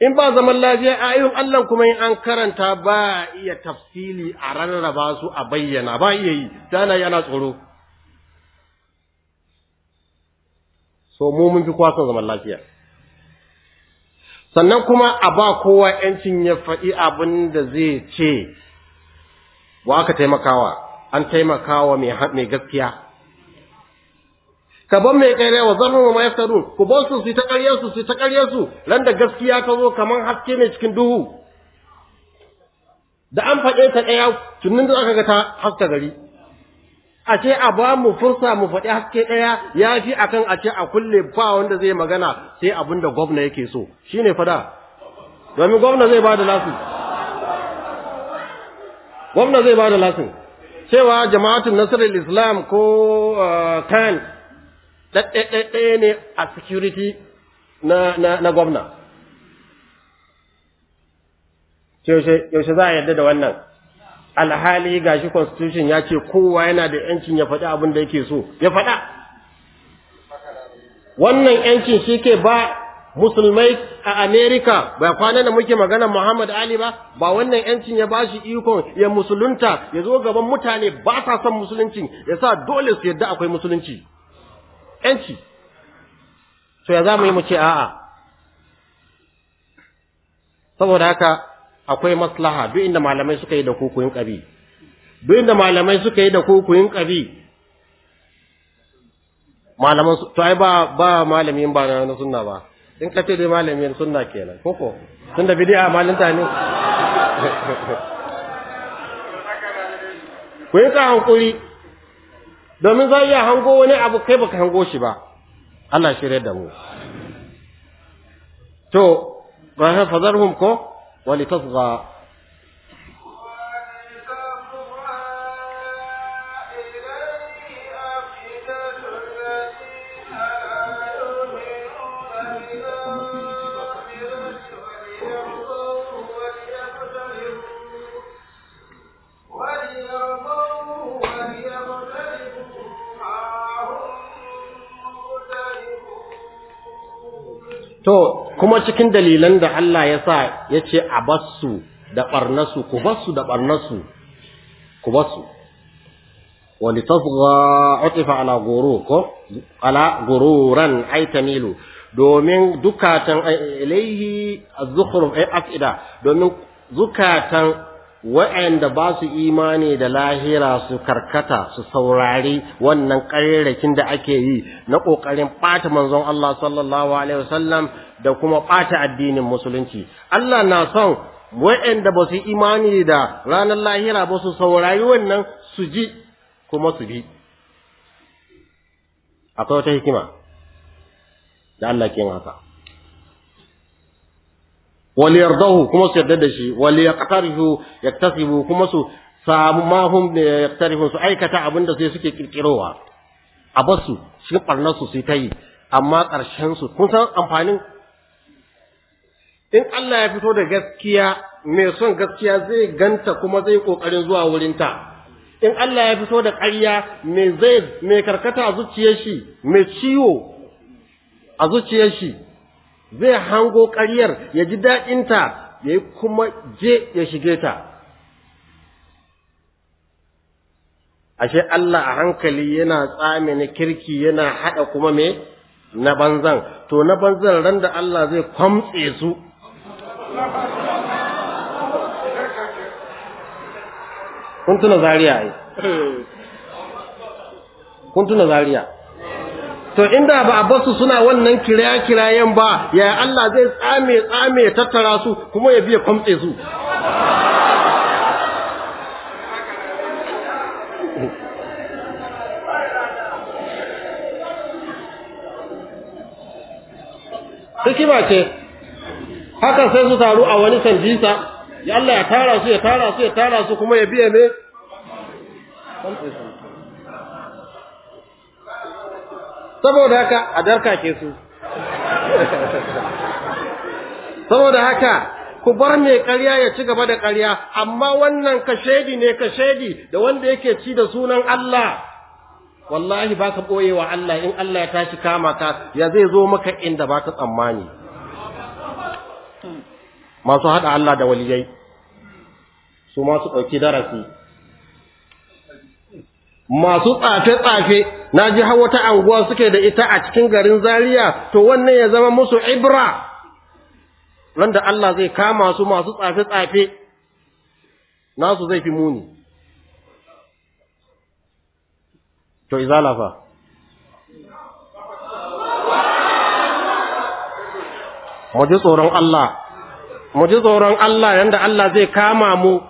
in ba zaman lafiya ayoyin Allah kuma in an karanta ba iya tafsili a rarraba su a bayyana ba iya yi dana yana tsoro so mu mun fi kwasan zaman lafiya sannan kuma a ba kowa yancin ya faɗi abin da zai ce wa aka taimakawa an taimaka wa mai gaskiya Ka kaban mai kai wa zarnu ma yaftarun ku ban su su ta ƙaryar su ta ƙaryar ran da gaskiya ta zo kamar haske ne cikin duhu da an faɗe ta ɗaya tunin da aka ga ta haska gari a ce a ba mu fursa mu faɗi haske ɗaya ya fi a kan a ce a kulle ba wanda zai magana sai abin da gwamna yake so Shi ne fada domin gwamna zai ba da lasin gwamna zai ba da lasin cewa jama'atun nasarar islam ko kan ɗaɗɗaɗɗe ne a security na gwamna yaushe za a yarda da wannan alhali gashi constitution ya ce kowa yana da yancin ya faɗi abin da yake so ya faɗa wannan yancin shi ke ba musulmai a Amerika ba kwana da muke magana Muhammad Ali ba ba wannan yancin ya bashi ikon ya musulunta ya zo gaban mutane ba sa son musulunci ya sa dole su yadda akwai musulunci yanci to ya zamu yi mu ce a'a saboda haka akwai maslaha duk inda malamai suka yi da kokoyin kabi duk inda malamai suka yi da kokoyin kabi malaman to ai ba ba malamin ba na sunna ba in ka ce dai malamin sunna kenan ko ko tun da bid'a malinta ne ku yi ka hankuri domin za iya hango wani abu kai baka hango shi ba Allah shirya da mu to ba fa zarhum ko walitasgha kuma cikin dalilan da Allah ya sa ya ce a basu da ɓarnasu ku basu da ɓarnasu ku basu wani tasga otifa ala goro ko ala gororan ai tamilu domin dukatan eh, ilaihi a zukhruf ai eh, afida domin zukatan wa'anda ba su imani da lahira su karkata su saurari wannan ƙararrakin da ake yi na ƙoƙarin ɓata manzon Allah sallallahu alaihi wasallam da kuma ɓata addinin musulunci Allah na son wa'anda ba su imani da ranar lahira ba su saurari wannan su ji kuma su bi akwai wata hikima da Allah ke haka Waliyar yardahu kuma su yarda da shi wali yaqtarihu yaktasibu kuma su samu ma hum yaktarihu, su aikata abinda sai suke kirkirowa a basu shi barnar su sai ta yi amma ƙarshen su kun san amfanin in Allah ya fito da gaskiya mai son gaskiya zai ganta kuma zai kokarin zuwa wurinta in Allah ya fito da ƙarya mai zai mai karkata a zuciyar shi mai ciwo a zuciyar shi zai hango ƙaryar ya ji daɗinta ya yi kuma je ya shige ta ashe Allah a hankali yana tsame na kirki yana haɗa kuma me na banzan to na banzan ran da Allah zai kwamtse su kun tuna zariya ai kun zariya to inda ba a basu suna wannan kiraya-kirayen ba ya Allah zai tsame tsame ya tattara su kuma ya biya kwamtse su ba ce hakan sai su taru a wani sanjisa ya Allah ya tara su ya tara su ya tara su kuma ya biya ne su saboda haka a darkake su saboda haka ku bar mai ƙarya ya ci gaba da ƙarya amma wannan kashedi ne kashedi da wanda yake ci da sunan Allah wallahi ba baka ɓoyewa Allah in Allah ya tashi kama ka ya zai zo maka inda baka tsammani masu haɗa Allah da waliyai su masu su ɗauki darasi masu tsafe-tsafe na ji wata anguwa suke da ita a cikin garin zaria to wannan ya zama musu ibra randa Allah zai kama su masu tsafe-tsafe nasu zai fi muni to izalafa fa mu ji tsoron Allah mu ji tsoron Allah yanda Allah zai kama mu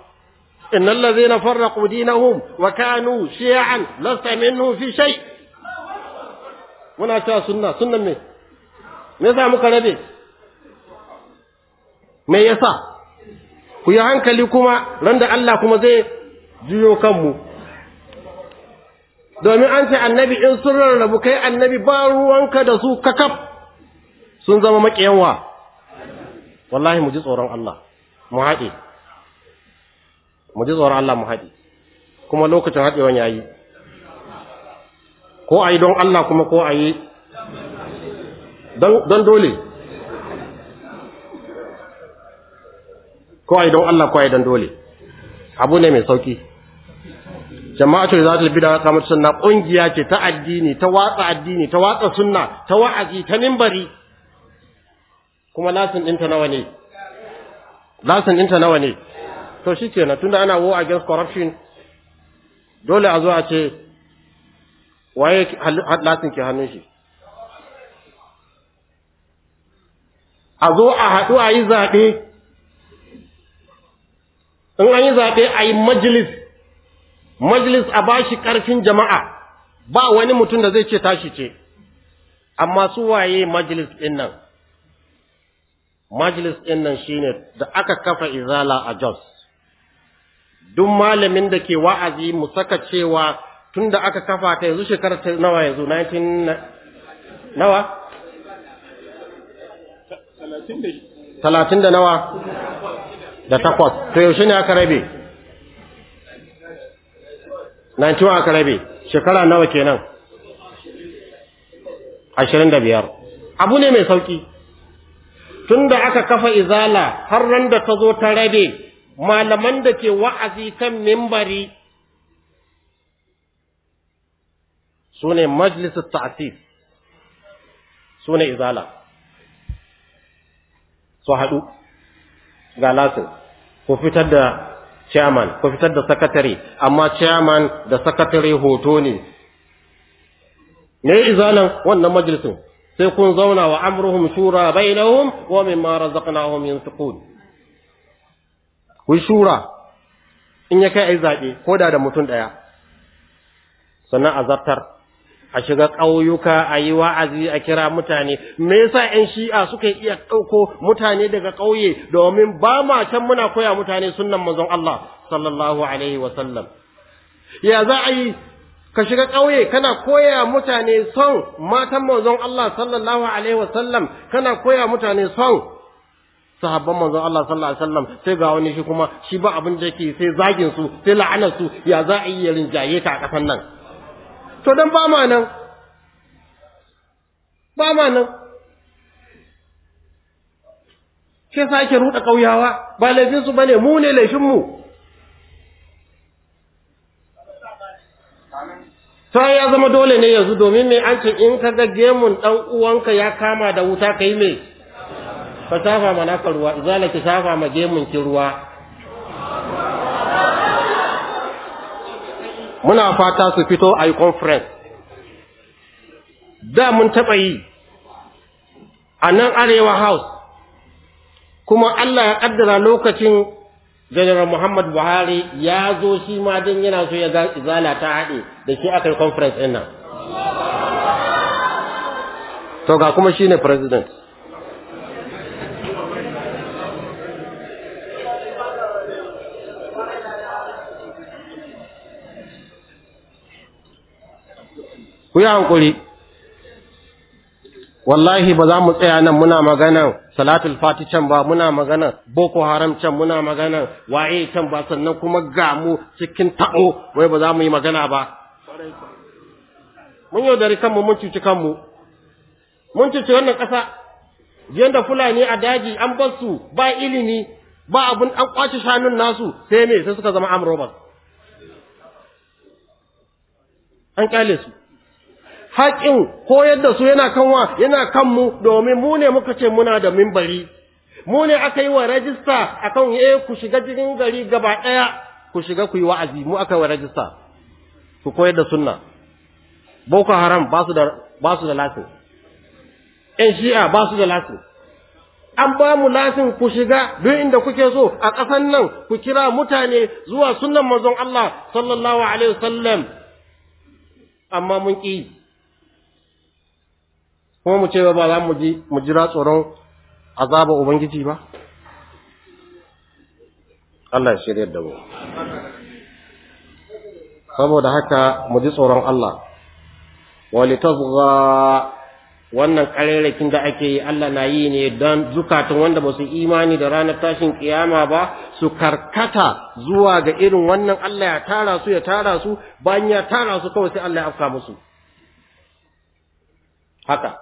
إن الذين فرقوا دينهم وكانوا شيعا لست منهم في شيء muna cewa sunna sunnan me me yasa muka rabe me yasa ku yi hankali kuma ran da Allah kuma zai juyo kanmu domin an ce annabi in sun rarrabu kai annabi ba ruwanka da su kakaf sun zama maƙiyanwa wallahi mu ji tsoron Allah mu haɗe mu ji tsoron Allah mu haɗe kuma lokacin haɗewan ya yi ko a yi don Allah kuma ko a yi don dole ko a yi don Allah ko a yi don dole abu ne mai sauki jama'atul bi da kamar sunna kungiya ce ta addini ta watsa addini ta watsa sunna ta wa'azi ta minbari kuma lasin dinta nawa ne lasin dinta nawa ne to shi na, tunda ana war against corruption dole a zo a ce waye lasin ke hannun shi a zo a haɗu a yi zaɓe in an yi zaɓe a yi majalis majalis a ba shi ƙarfin jama'a ba wani mutum da zai ce tashi ce amma su waye majalis ɗin nan majalis ɗin nan shine da aka kafa izala a jos duk malamin da ke wa'azi mu saka cewa tunda aka kafa ta yanzu shekarar ta nawa yanzu 19 nawa 30 da nawa da takwas to yaushe ne aka rabe 91 aka rabe shekara nawa kenan 25 abu ne mai sauki tunda aka kafa izala har ran da ta zo ta rabe malaman da ke wa'azi kan mimbari su ne majalisar ta'asif su ne izala su haɗu ga lasin ku fitar da chairman ku fitar da sakatare amma chairman da sakatare hoto ne ne izalan wannan majalisun sai kun zauna wa amurhum shura bainahum wa mimma razaqnahum yunfiqun ku shura in ya kai yi zaɓe ko da da mutum ɗaya sannan a zartar a shiga ƙauyuka a yi wa'azi a kira mutane me yasa 'yan shi'a suka iya ɗauko mutane daga ƙauye domin ba ma can muna koya mutane sunnan mazan Allah sallallahu alaihi wa sallam ya za a yi ka shiga ƙauye kana koya mutane son matan mazan Allah sallallahu alaihi wa kana koya mutane son sahabban manzon Allah sallallahu alaihi wasallam sai ga wani shi kuma shi ba abin da yake sai zagin su sai la'anar su ya za a yi rinjaye ta a kasan nan to dan ba ma nan ba ma nan ke yasa ake ruɗa ƙauyawa ba laifin su bane mu ne laifin mu ta ya zama dole ne yanzu domin me an ce in ka ga gemun dan uwanka ya kama da wuta kai me ka shafa ma naka ruwa izala ki safa ma gemun ki ruwa muna fata su fito a yi conference da mun taɓa yi a nan arewa house kuma Allah ya kaddara lokacin General Muhammad Buhari ya zo shi ma don yana so ya ga izala ta haɗe da shi aka yi conference ɗin nan. To ga kuma shi ne president. ku yi hankuri wallahi ba za mu tsaya nan muna maganan salatul fati can ba muna maganan boko haram can muna maganan waye can ba sannan kuma gamu cikin ta'o wai ba za mu yi magana ba mun yaudari kanmu mun cuci kanmu mun cuci wannan ƙasa yadda fulani a daji an bar su ba ilimi ba abun an kwace shanun nasu sai me sai suka zama amrobas an kyale su haƙin koyar da su yana wa yana kan mu domin mu ne muka ce muna da mimbari mu ne aka yi wa rajista akan eh ku shiga cikin gari gaba ɗaya ku shiga ku yi wa'azi mu aka yi wa rajista ku koyar da sunna boko haram ba su da ba su da lasin ƴan shi'a ba su da lasin an ba mu lasin ku shiga duk inda kuke so a ƙasan nan ku kira mutane zuwa sunnan manzon Allah sallallahu alaihi wasallam amma mun ƙi kuma mu ce ba za mu ji mu jira tsoron azaba ubangiji ba Allah ya shirya da mu saboda haka mu ji tsoron Allah walitazgha wannan karerakin da ake yi Allah na yi ne don zukatun wanda ba su imani da ranar tashin ƙiyama ba su karkata zuwa ga irin wannan Allah ya tara su ya tara su bayan ya tara su kawai sai Allah ya afka musu haka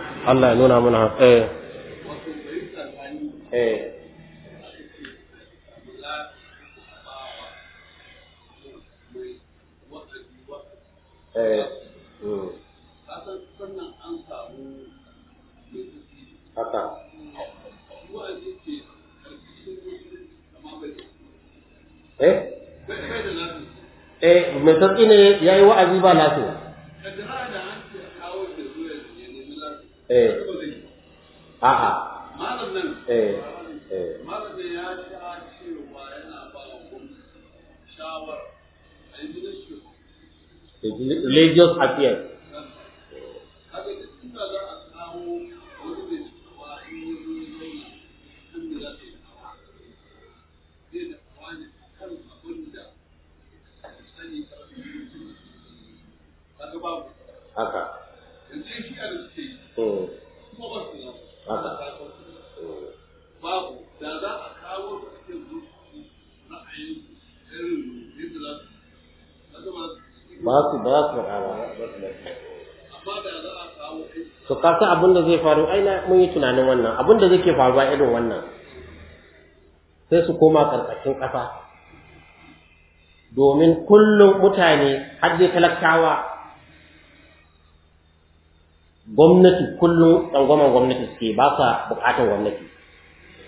Allah ya nuna eh eh eh, hmm. eh? eh mai tsatsi ne ya yi wa'azi ba lafi 又太偏。da zai faru aina mun yi tunanin wannan abin da zai faruwa irin wannan sai su koma karkashin ƙasa domin kullum mutane har zai talakawa gwamnati kullum tsangwamen gwamnati suke ba sa bukatar gwamnati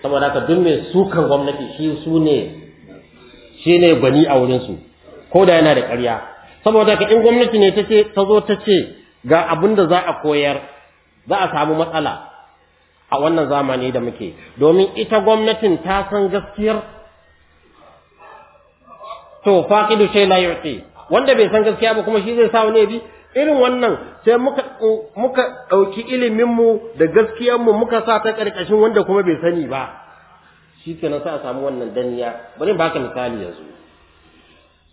saboda haka duk mai sukan gwamnati shi su ne shi ne gwani a wurinsu ko da yana da ƙarya saboda haka in gwamnati ne ta ce ta zo ta ce ga abin da za a koyar za a samu matsala a wannan zamani da muke domin ita gwamnatin ta san gaskiyar to faqidu shay la yu'ti wanda bai san gaskiya ba kuma shi zai sa wani bi irin wannan sai muka muka dauki ilimin mu da gaskiyar mu muka sa ta karkashin wanda kuma bai sani ba Shi kenan sai a samu wannan danniya bari baka misali yanzu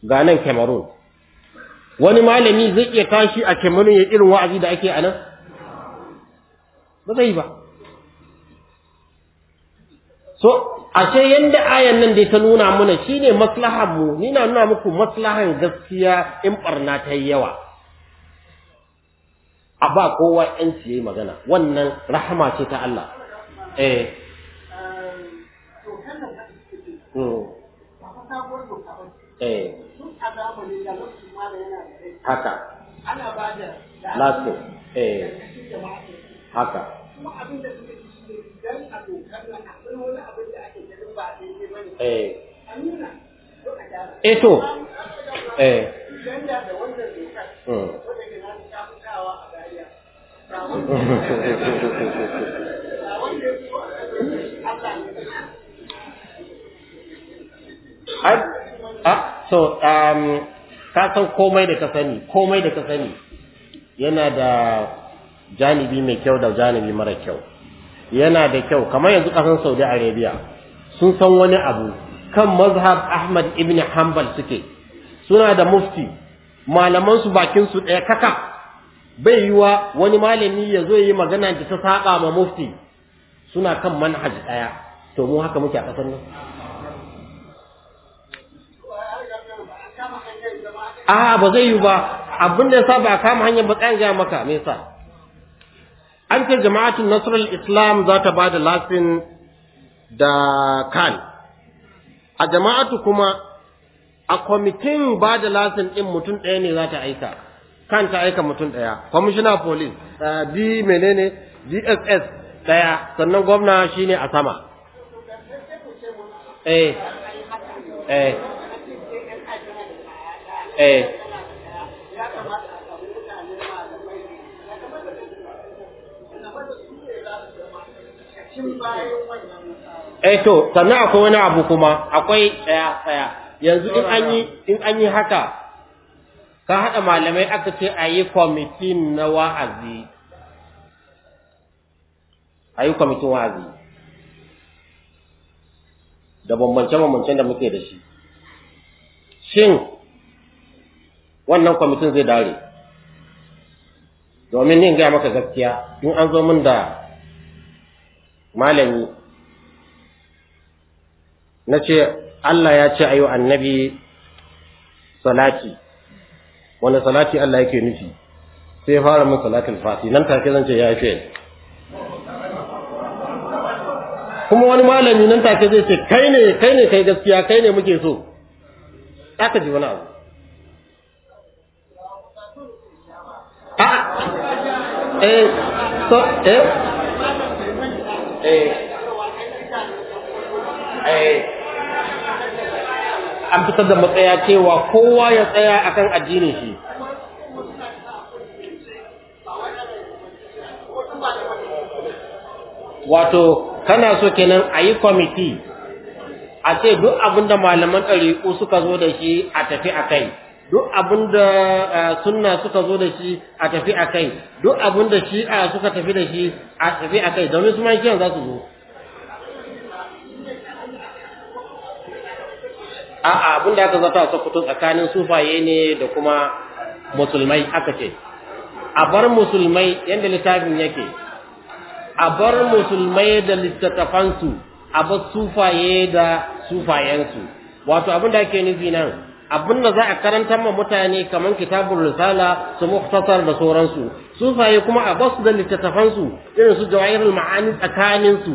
ga nan Cameroon wani malami zai iya tashi a Cameroon ya irin wa'azi da ake a nan ba zai ba so ashe yanda ayan nan dai ta nuna mana shine maslahar mu ni na nuna muku maslahan gaskiya in barna ta yi yawa a ba kowa yanci yayi magana wannan rahama ce ta Allah eh, hmm. eh. haka eh. haka kuma abin da suka ci shi nan wani abin da ake ganin ba daidai ba ne eh. a nuna ko a gyara eh to eh idan da da wannan dokar hmm. wanda ke na ta Ah, so, um, ka san komai da ka sani, komai da ka sani yana da janibi mai kyau da janibi mara kyau yana da kyau kamar yanzu ƙasar saudi arabia sun san wani abu kan mazhab ahmad ibn hanbal suke suna da mufti malaman su bakin su ɗaya kaka bai yiwa wani malami ya zo yi magana da ta saba ma mufti suna kan manhaj ɗaya to mu haka muke a ƙasar nan a ba zai yi ba abin da ya sa ba kama hanyar ba tsayin gaya maka me yasa an ce jama'atun nasarar islam za ta ba da lasin da kan a jama'atu kuma a kwamitin ba da lasin ɗin mutum ɗaya ne za ta aika kan ta aika mutum ɗaya kwamishina police d eh, menene dss ɗaya sannan gwamna shine a sama eh eh eh eh to sannan akwai wani abu kuma akwai tsaya tsaya yanzu in an yi in an yi haka ka haɗa malamai aka ce a yi na wa'azi a yi wa'azi da bambance-bambancen da muke da shi shin wannan kwamitin zai dare domin yin gaya maka gaskiya in an zo min da malami na ce Allah ya ce ayo annabi salati wani salati Allah yake nufi sai ya fara min salatul fati nan take zan ce ya fi kuma wani malami nan take zai ce kai ne kai ne kai gaskiya kai ne muke so aka ji wani abu a eh so eh Eh. Eh. an fitar da matsaya cewa kowa ya tsaya a kan addinin shi wato kana so kenan a yi kwamiti a ce duk abinda malaman ɗariƙu suka zo da shi a tafi a kai duk abin da eh, sunna suka zo da shi a tafi a kai duk abin da shi a suka tafi da shi a tafi a kai domin su kiyan za su zo a'a abin da aka zata a sokoto tsakanin sufaye ne da kuma musulmai aka ce a bar musulmai yadda littafin yake a bar musulmai da littattafansu a bar sufaye da sufayensu wato abin da ake nufi nan abin da za a karanta ma mutane kamar kitabul risala su muhtasar da sauransu sufaye kuma a basu da littattafansu irin su jawairul ma'ani tsakanin su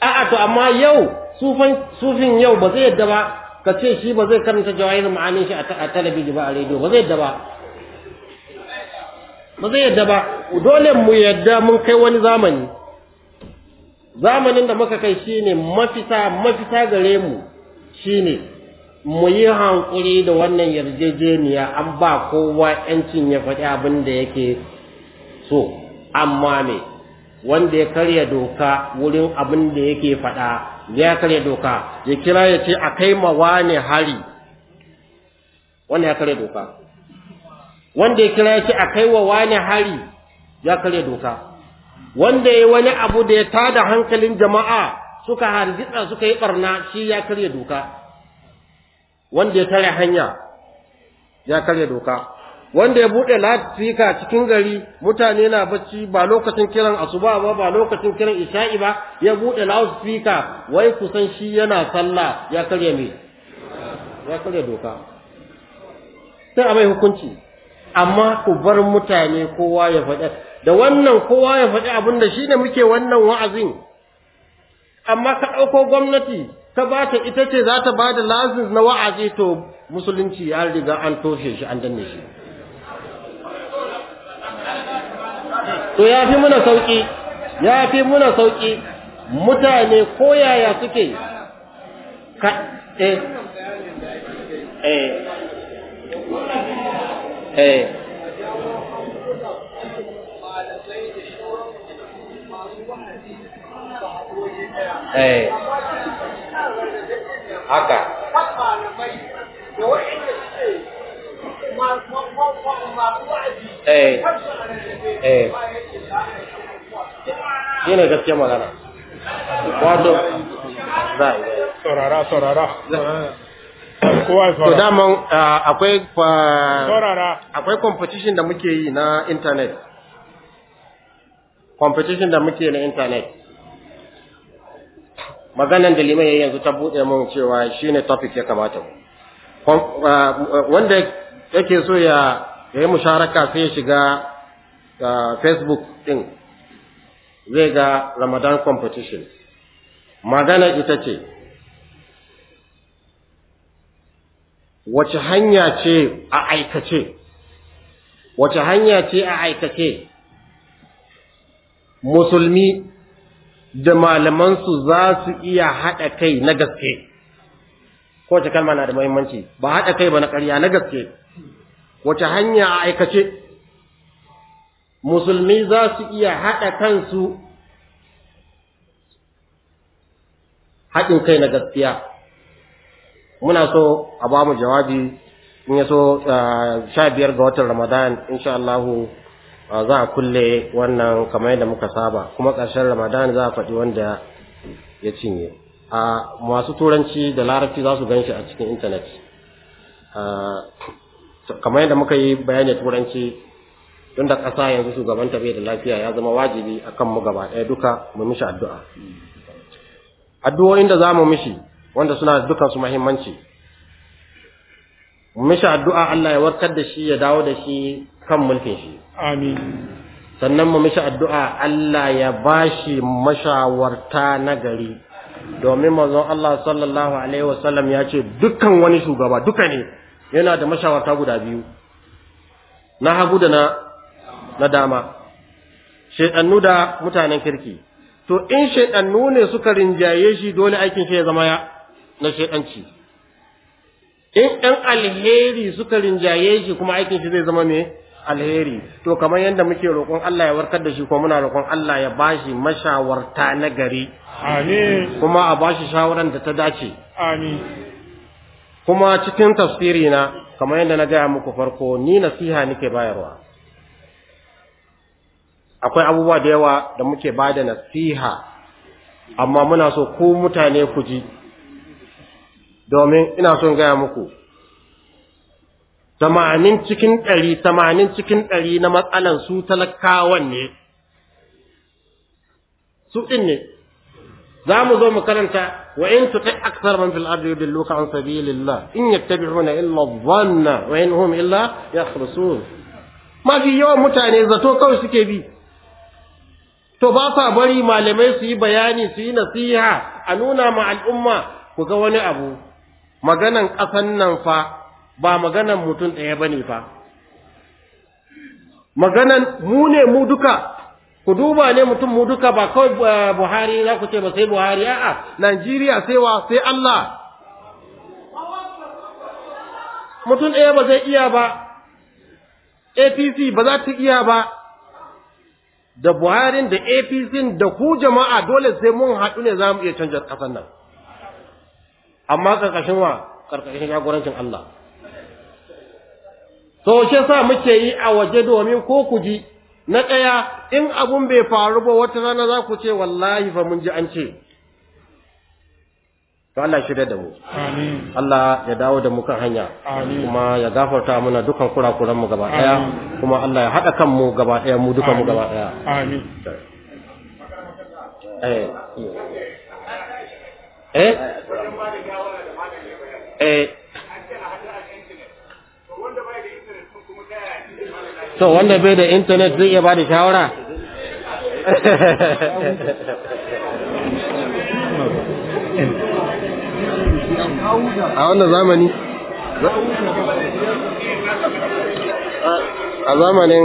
a'a to amma yau sufan sufin yau ba zai yadda ba ka ce shi ba zai karanta jawairul ma'ani shi a talabijin ba a rediyo ba zai yadda ba ba zai yadda ba dole mu yadda mun kai wani zamani zamanin da muka kai shine mafita mafita gare mu Shi ne, mu yi hankuri da wannan yarjejeniya an ba kowa yancin ya faɗi abin da yake so amma me wanda ya karya doka wurin abin da yake faɗa ya karya doka ya kira ya ce a kai mawa hari wanda ya karya doka wanda ya kira ya ce a kai wa wani hari ya karya doka wanda ya wani abu da ya tada hankalin jama'a suka hargitsa suka yi barna shi ya karya doka wanda ya tare hanya ya karya doka wanda ya buɗe latifika cikin gari mutane na bacci ba lokacin kiran asuba ba ba lokacin kiran isha'i ba ya buɗe latifika wai kusan shi yana sallah ya karya me ya karya doka sai a mai hukunci amma ku bar mutane kowa ya faɗa da wannan kowa ya faɗi abin da shi ne muke wannan wa'azin amma ka ɗauko gwamnati ka ba ta ita ce za ta ba da lazin na wa'azi to musulunci ya riga an toshe shi an danne shi to ya fi muna sauƙi ya fi muna sauƙi mutane ko yaya suke ka eh eh, eh. eh haka daman akwai akwai competition da muke yi na internet competition da muke na internet maganan da limai yanzu ta buɗe mun cewa shine topic ya kamata mu wanda yake so ya yi musharaka sai ya shiga facebook din, zai ga ramadan competition magana ita ce wace hanya ce a aikace wace hanya ce a aikace musulmi da malamansu za su iya haɗa kai na gaske kowace kalma na da muhimmanci ba haɗa kai ba na ƙarya na gaske wace hanya a aikace musulmi za su iya haɗa kansu haɗin kai na gaskiya muna so a ba mu jawabi in ya so ah, sha biyar ga watan ramadan insha Allahu za a kulle wannan kamar yadda muka saba kuma ƙarshen ramadan za a faɗi wanda ya cinye a masu turanci da larabci za su gan shi a cikin intanet kamar yadda muka yi bayanin turanci tun da ƙasa yanzu shugaban bai da lafiya ya zama wajibi a kan mu gaba ɗaya duka mu mishi addu'a addu'o'in da za mu mishi wanda suna dukansu muhimmanci mishi addu'a Allah ya warkar da shi ya dawo da shi kan mulkin shi amin sannan mu mishi addu'a Allah ya bashi mashawarta na gari domin manzon Allah sallallahu alaihi wasallam ya ce dukkan wani shugaba duka ne yana da mashawarta guda biyu na hagu da na na dama shedannu da mutanen kirki to in shedannu ne suka rinjaye shi dole aikin shi ya zama ya na shedanci in ɗan alheri suka rinjaye shi kuma aikin shi zai zama me alheri to kamar yadda muke roƙon Allah ya warkar da shi ko muna roƙon Allah ya bashi mashawarta na gari amin kuma a bashi shawaran da ta dace amin kuma cikin tafsiri na kamar yadda na gaya muku farko ni nasiha nake bayarwa akwai abubuwa da yawa da muke bada nasiha amma muna so ku mutane ku ji domin ina son gaya muku tamanin cikin ɗari tamanin cikin ɗari na matsalan su talakawan ne su ɗin ne za mu zo mu karanta wa in kai aksar man fil ardi yudilluka an sabilillah in yattabi'una illa dhanna wa in hum illa yakhrusun mafi yawan mutane zato kawai suke bi to ba sa bari malamai su yi bayani su yi nasiha a nuna ma al'umma ku ga wani abu maganan ƙasan nan fa ba maganan mutum ɗaya ba ne fa maganan mu ne mu duka ku duba ne mutum mu duka ba kawai eh, buhari za ku ce ba sai buhari a'a najeriya sai wa sai allah mutum ɗaya ba zai iya ba apc ba za ta iya ba da buharin da apc da ku jama'a dole sai mun haɗu ne za mu iya canjar ƙasar nan amma karkashin wa karkashin jagorancin Allah to shi yasa muke yi a waje domin ko ku ji na ɗaya in abun bai faru ba wata rana za ku ce wallahi fa mun ji an ce to Allah shirya da mu amin Allah ya dawo da mu kan hanya amin kuma ya gafarta mana dukan kurakuran mu gaba daya kuma Allah ya hada kan mu gaba daya mu dukan mu gaba daya amin eh eh eh to wanda bai da internet zai iya ba da shawara a wannan zamani a zamanin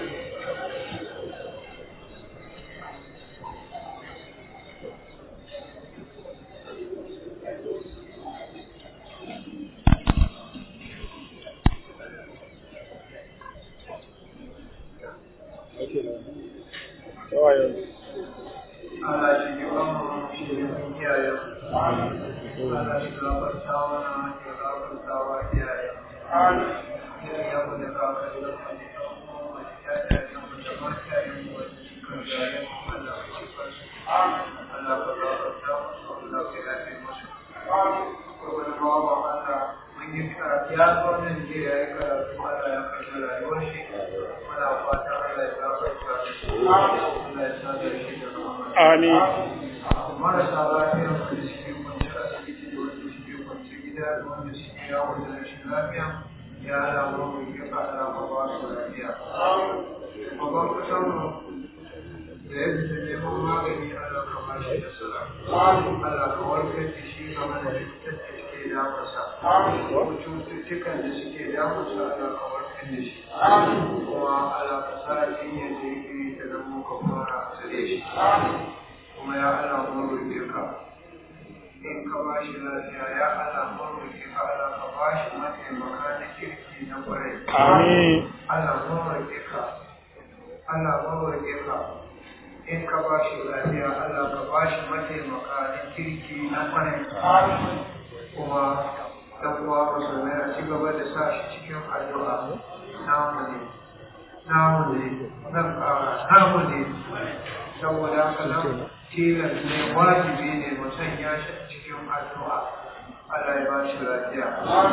nawa yanzu Allah shi yi wa ne mun ya da mu da da ya ya yi ya amin marasa gida da wanda suke yawon da rashin lafiya ya ala wani mai ba babban da magani ala shi ala ka warkar da shi da da da ka warkar da shi kuma ala ta tsare shi kuma ya Allah mun ka in ka ba shi lafiya ya ka ka ba shi mataimaka na kirki na kwarai amin ka ka in ka ba shi lafiya ka ba shi mataimaka na kirki na amin kuma dan uwa musulmai a ci gaba da sa shi cikin addu'a namu ne namu ne namu ne saboda haka nan tilas ne wajibi ne mutum ya shi cikin addu'a Allah ya ba lafiya Allah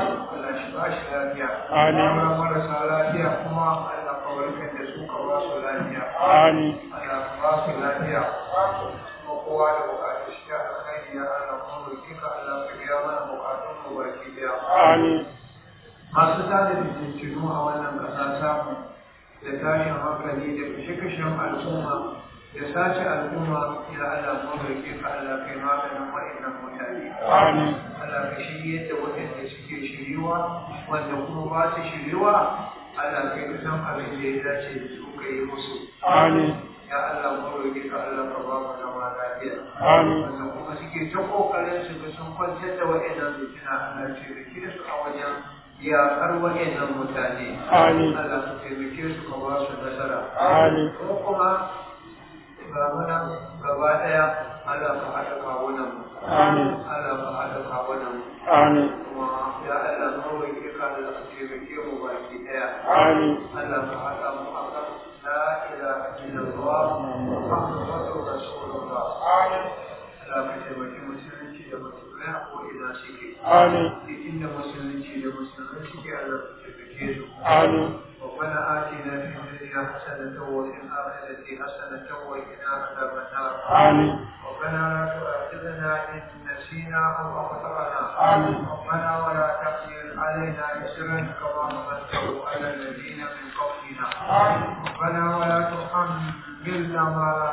shi ba shi lafiya amin marasa lafiya kuma Allah ka warkar da su ka ba su lafiya amin Allah ka su lafiya kuma kowa da bukatu shi a kai ya Allah kuma roki ka Allah ka biya mana bukatun mu baki daya amin masu tada bincinu a wannan kasa samu da tashin hankali da kashe-kashen al'umma da sace al'umma ya Allah mu roƙe ka Allah kai maganin wa'annan mutane amin Allah ka shirye da wa'anda suke shiriwa wanda kuma ba su shiriwa Allah kai ka san abin da ya dace da su ka yi musu ya Allah mu roƙe ka Allah ka ba mu zama lafiya amin wanda kuma suke ta ƙoƙarin su ga sun kwantar da wa'annan mutuna Allah ce da ke su a wajen ya iyakar waɗannan mutane Allah ka taimake su ka ba su nasara Kuma kuma ramuna gaba daya Allah ka haɗa kawunan mu. Allah ka haɗa kawunan amin kuma ya Allah mawai ke ka da taimake mu baki daya amin Allah ka haɗa mu akan la ilaha illallah muhammadur rasulullah amin Allah ka taimake musulunci da musulmai a ko'ina suke amin duk inda musulunci da musulmai suke Allah ka taimake su amin حسنة وفي الآخرة حسنة وقنا عذاب النار آمين ربنا لا تؤاخذنا إن نسينا أو أخطأنا آمين ربنا ولا تحمل علينا إسرا كما حملته على الذين من قبلنا آمين ربنا ولا تحملنا ما لا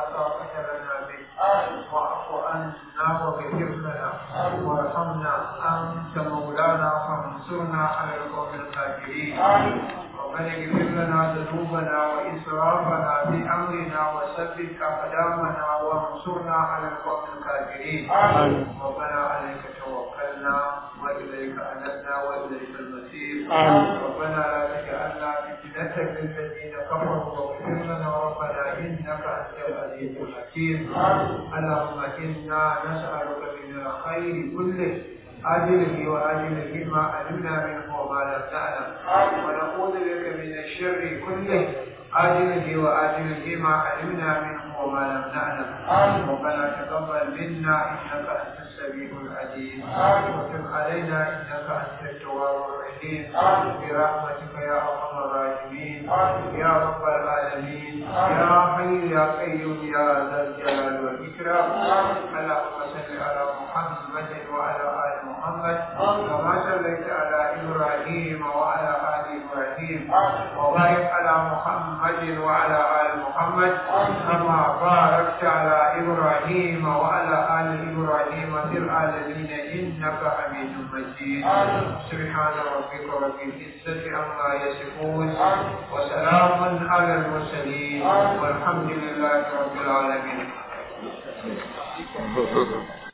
ربنا عليك توكلنا وإليك أنبنا وإليك المسير ربنا لا تجعلنا فتنة للذين كفروا واغفر لنا ربنا إنك أنت العزيز الحكيم اللهم إنا نسألك من الخير كله أجله وأجله ما علمنا منه وما لم تعلم ونعوذ بك من الشر كله آتنا وآتنا ما علمنا منه وما لم نعلم ربنا تقبل منا إنك أنت سميع عليم وتب علينا انك انت التواب الرحيم برحمتك يا ارحم الراحمين يا رب العالمين يا حي يا قيوم يا ذا الجلال والاكرام اللهم صل على محمد وعلى ال محمد كما صليت على ابراهيم وعلى ال ابراهيم وبارك على محمد وعلى ال محمد كما باركت على ابراهيم وعلى ال ابراهيم رب العالمين إنك حميد مجيد سبحان ربك رب العزة عما يصفون وسلام على المرسلين والحمد لله رب العالمين